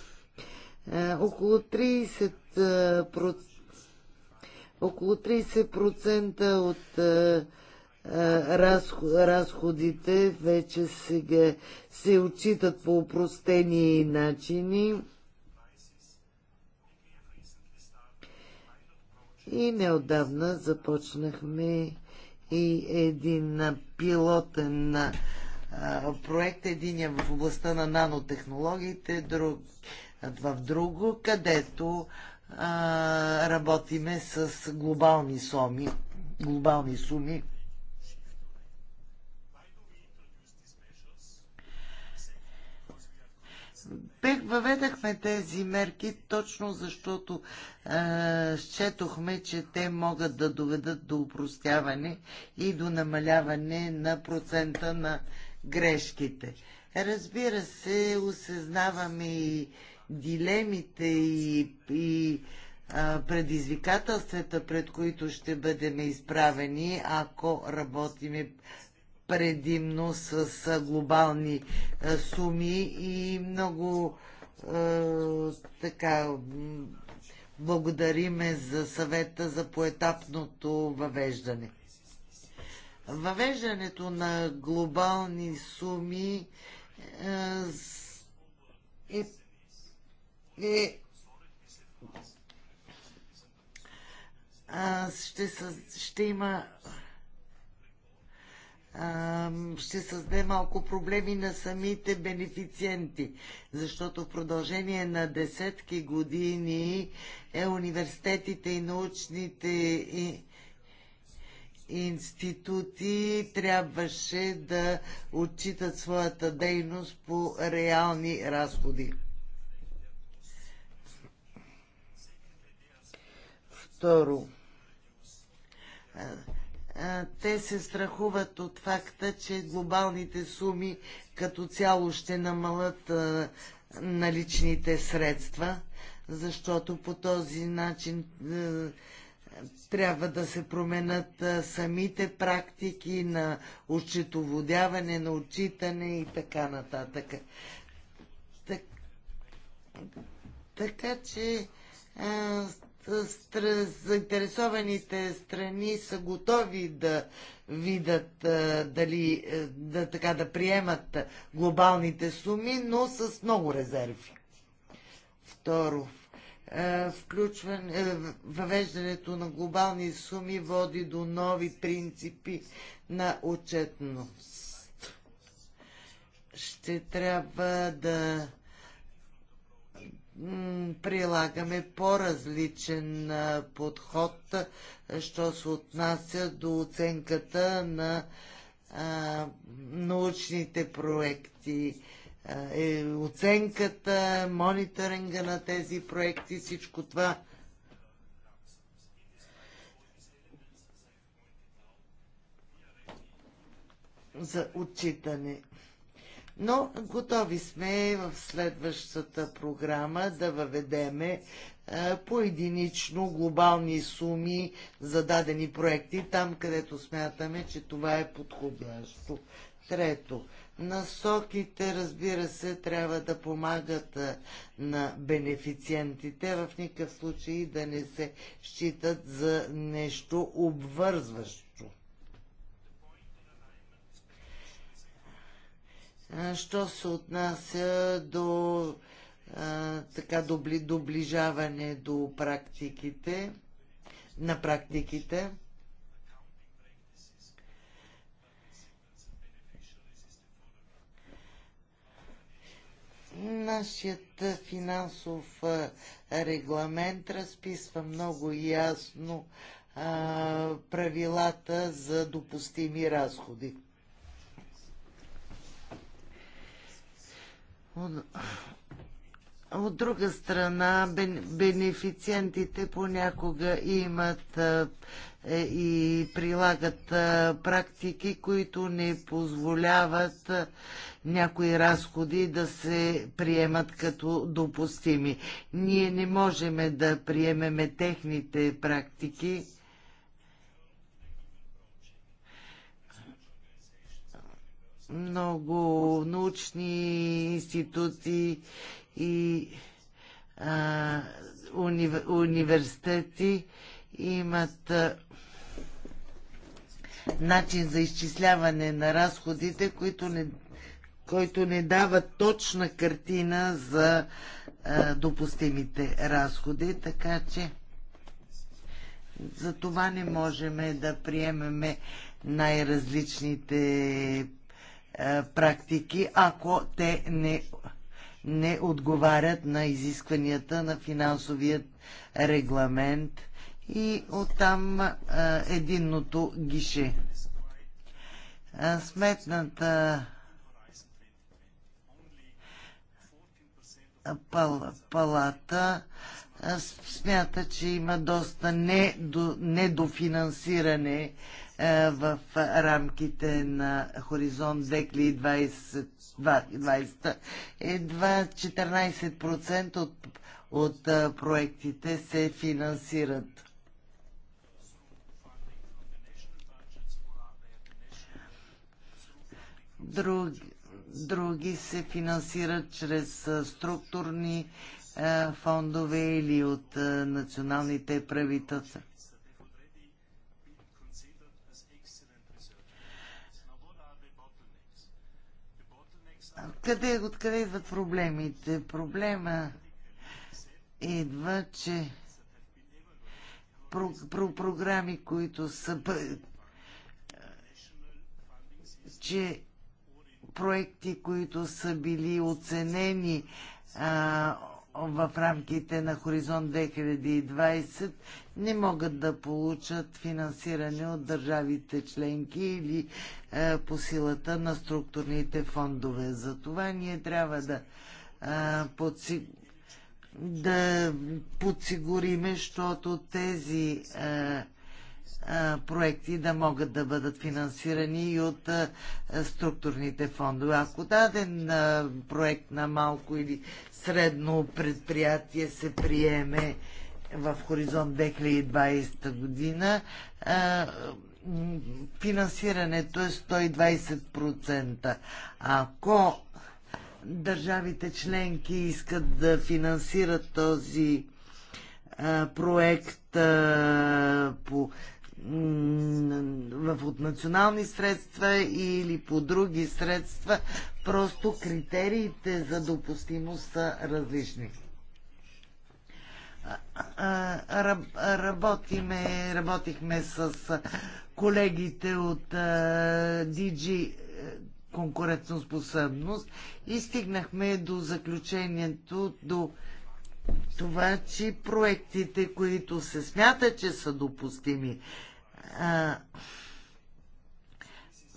Около 30%, около 30% от разходите вече сега се отчитат по упростени начини. И неодавна започнахме и един пилотен на проект. един е в областта на нанотехнологиите, друг в друго, където а, работиме с глобални суми. Глобални суми. въведахме тези мерки точно защото е, счетохме, че те могат да доведат до упростяване и до намаляване на процента на грешките. Разбира се, осъзнаваме и дилемите и, и а, предизвикателствата, пред които ще бъдем изправени, ако работиме предимно с глобални суми и много а, така благодариме за съвета за поетапното въвеждане. Въвеждането на глобални суми е, е, е- ще, ще има ще създаде малко проблеми на самите бенефициенти, защото в продължение на десетки години е университетите и научните и институти трябваше да отчитат своята дейност по реални разходи. Второ, те се страхуват от факта, че глобалните суми като цяло ще намалят наличните средства, защото по този начин трябва да се променят самите практики на отчетоводяване, на отчитане и така нататък. Так, така че а, заинтересованите страни са готови да видят а, дали да, така, да приемат глобалните суми, но с много резерви. Второ, е, включване, въвеждането на глобални суми води до нови принципи на отчетност. Ще трябва да прилагаме по-различен подход, що се отнася до оценката на а, научните проекти. А, е, оценката, мониторинга на тези проекти, всичко това. за отчитане. Но готови сме в следващата програма да въведеме е, поединично глобални суми за дадени проекти, там където смятаме, че това е подходящо. Трето, Насоките, разбира се, трябва да помагат на бенефициентите, в никакъв случай да не се считат за нещо обвързващо. Що се отнася до така добли, доближаване до практиките, на практиките, Нашият финансов регламент разписва много ясно правилата за допустими разходи. от друга страна, бенефициентите понякога имат е, и прилагат практики, които не позволяват някои разходи да се приемат като допустими. Ние не можем да приемеме техните практики. Много научни институти и а, уни, университети а, имат начин за изчисляване на разходите, които не, който не дава точна картина за а, допустимите разходи, така че за това не можем да приемеме най-различните практики, ако те не, не отговарят на изискванията на финансовият регламент и оттам единното гише. Сметната палата смята, че има доста недофинансиране в рамките на Хоризонт 2020. 20, едва 14% от, от проектите се финансират. друг, други се финансират чрез структурни фондове или от националните правителства. Къде, откъде идват проблемите? Проблема идва, че про, про, програми, които са че проекти, които са били оценени а, в рамките на Хоризонт 2020 не могат да получат финансиране от държавите членки или по силата на структурните фондове. За това ние трябва да, подси... да подсигуриме, защото тези а, проекти да могат да бъдат финансирани и от структурните фондове. Ако даден проект на малко или средно предприятие се приеме в Хоризонт 2020 година, финансирането е 120%. Ако държавите членки искат да финансират този проект по от национални средства или по други средства, просто критериите за допустимост са различни. Работиме, работихме с колегите от DG конкурентоспособност и стигнахме до заключението, до това, че проектите, които се смятат, че са допустими а,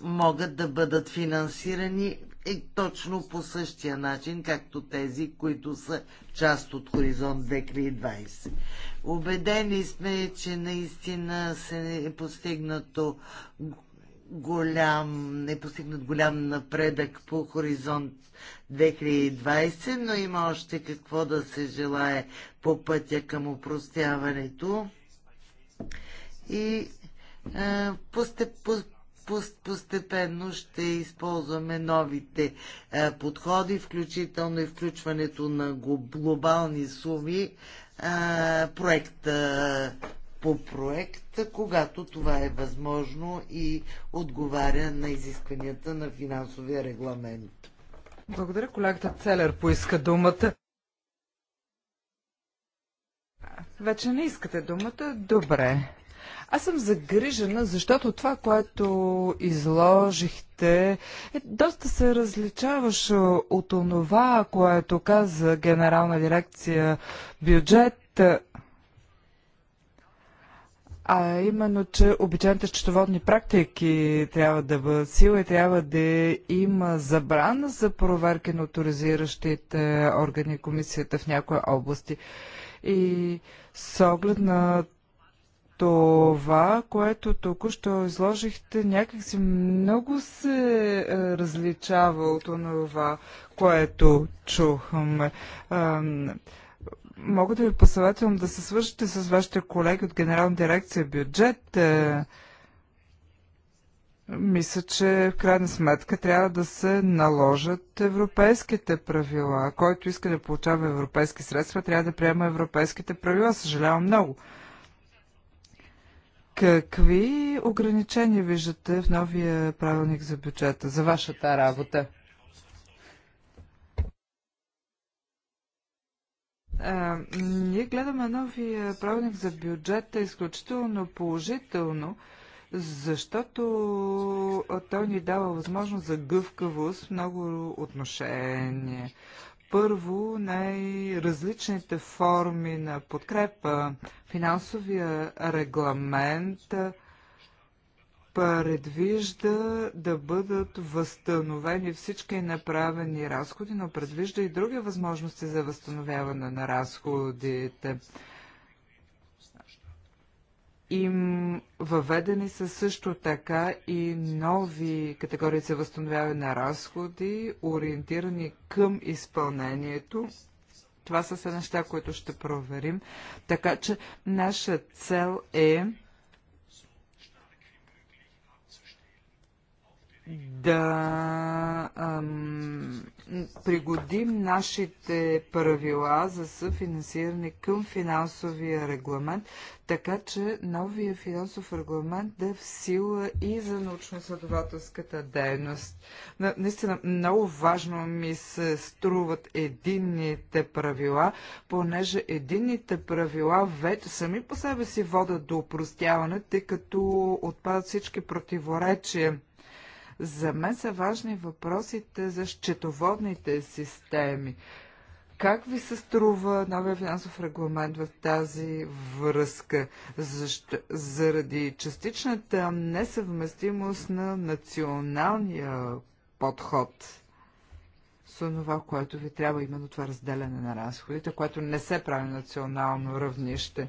могат да бъдат финансирани и точно по същия начин, както тези, които са част от Хоризонт 2020. Обедени сме, че наистина се е постигнато голям, е постигнат голям напредък по Хоризонт 2020, но има още какво да се желае по пътя към упростяването. И е, постеп, постепенно ще използваме новите е, подходи, включително и включването на глобални суми е, проекта по проект, когато това е възможно и отговаря на изискванията на финансовия регламент. Благодаря. Колегата Целер поиска думата. Вече не искате думата? Добре. Аз съм загрижена, защото това, което изложихте, е, доста се различаваше от онова, което каза Генерална дирекция бюджет. А именно, че обичайните счетоводни практики трябва да бъдат сила и трябва да има забрана за проверки на авторизиращите органи и комисията в някои области. И с оглед на това, което току-що изложихте, някакси много се е, различава от това, което чухме. Мога да ви посъветвам да се свържете с вашите колеги от Генерална дирекция бюджет. Е, мисля, че в крайна сметка трябва да се наложат европейските правила. Който иска да получава европейски средства, трябва да приема европейските правила. Съжалявам много. Какви ограничения виждате в новия правилник за бюджета, за вашата работа? А, ние гледаме новия правилник за бюджета изключително положително, защото той ни дава възможност за гъвкавост в много отношение първо най-различните форми на подкрепа. Финансовия регламент предвижда да бъдат възстановени всички направени разходи, но предвижда и други възможности за възстановяване на разходите им въведени са също така и нови категории за възстановяване на разходи, ориентирани към изпълнението. Това са се неща, които ще проверим. Така че наша цел е да ам, пригодим нашите правила за съфинансиране към финансовия регламент, така че новия финансов регламент да е в сила и за научно-следователската дейност. На, наистина много важно ми се струват единните правила, понеже единните правила вече сами по себе си водят до упростяване, тъй като отпадат всички противоречия за мен са важни въпросите за счетоводните системи. Как ви се струва новия финансов регламент в тази връзка? Защо, заради частичната несъвместимост на националния подход с това, което ви трябва, именно това разделяне на разходите, което не се прави национално равнище.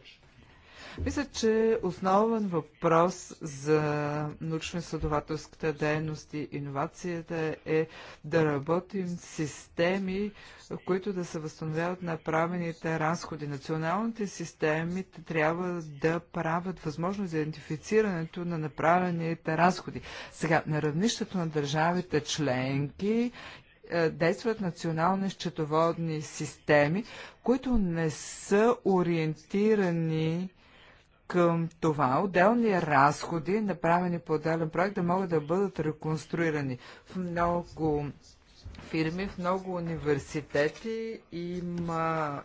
Мисля, че основен въпрос за научно-изследователската дейност и иновацията е да работим системи, които да се възстановяват направените разходи. Националните системи трябва да правят възможно за идентифицирането на направените разходи. Сега, на равнището на държавите членки е, действат национални счетоводни системи, които не са ориентирани към това отделни разходи, направени по отделен проект, да могат да бъдат реконструирани. В много фирми, в много университети има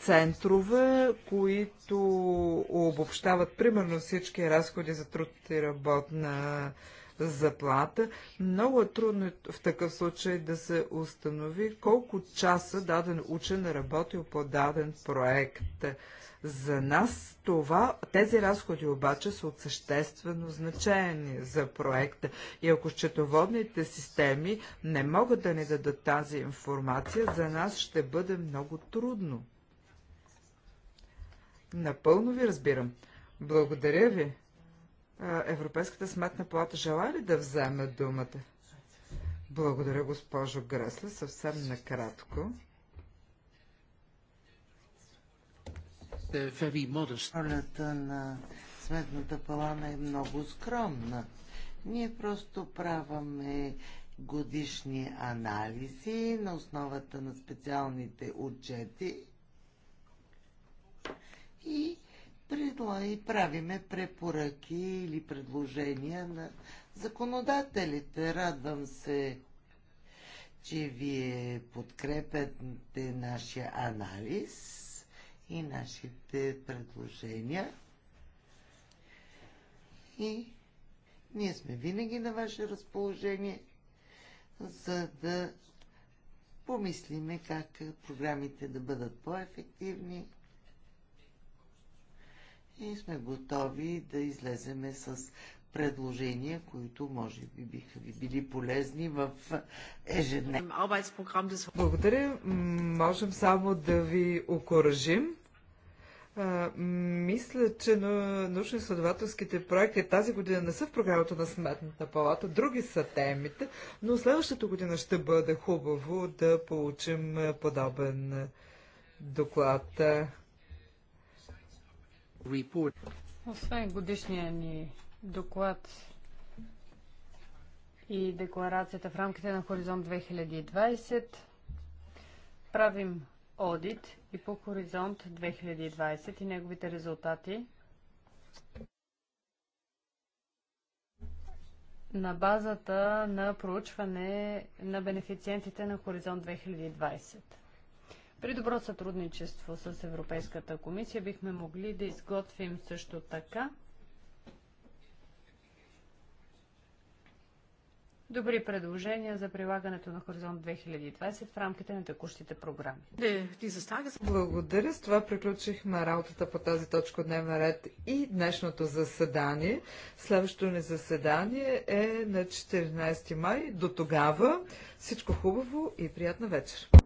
центрове, които обобщават примерно всички разходи за труд и работна заплата. Много е трудно в такъв случай да се установи колко часа даден учен е работил по даден проект. За нас това, тези разходи обаче са от съществено значение за проекта. И ако счетоводните системи не могат да ни дадат тази информация, за нас ще бъде много трудно. Напълно ви разбирам. Благодаря ви. Европейската сметна палата желая ли да вземе думата? Благодаря, госпожо Гресле. Съвсем накратко. Ролята на Сметната палана е много скромна. Ние просто правяме годишни анализи на основата на специалните отчети и предла и правиме препоръки или предложения на законодателите. Радвам се, че вие подкрепяте нашия анализ и нашите предложения. И ние сме винаги на ваше разположение, за да помислиме как програмите да бъдат по-ефективни и сме готови да излеземе с предложения, които може би биха ви били полезни в ежедневно. Благодаря. Можем само да ви окоръжим. мисля, че на научно-изследователските проекти тази година не са в програмата на Сметната палата, други са темите, но следващата година ще бъде хубаво да получим подобен доклад. Освен годишния ни доклад и декларацията в рамките на Хоризонт 2020, правим одит и по Хоризонт 2020 и неговите резултати на базата на проучване на бенефициентите на Хоризонт 2020. При добро сътрудничество с Европейската комисия бихме могли да изготвим също така добри предложения за прилагането на Хоризонт 2020 в рамките на текущите програми. Благодаря. С това приключихме работата по тази точка от дневна ред и днешното заседание. Следващото ни заседание е на 14 май. До тогава всичко хубаво и приятна вечер.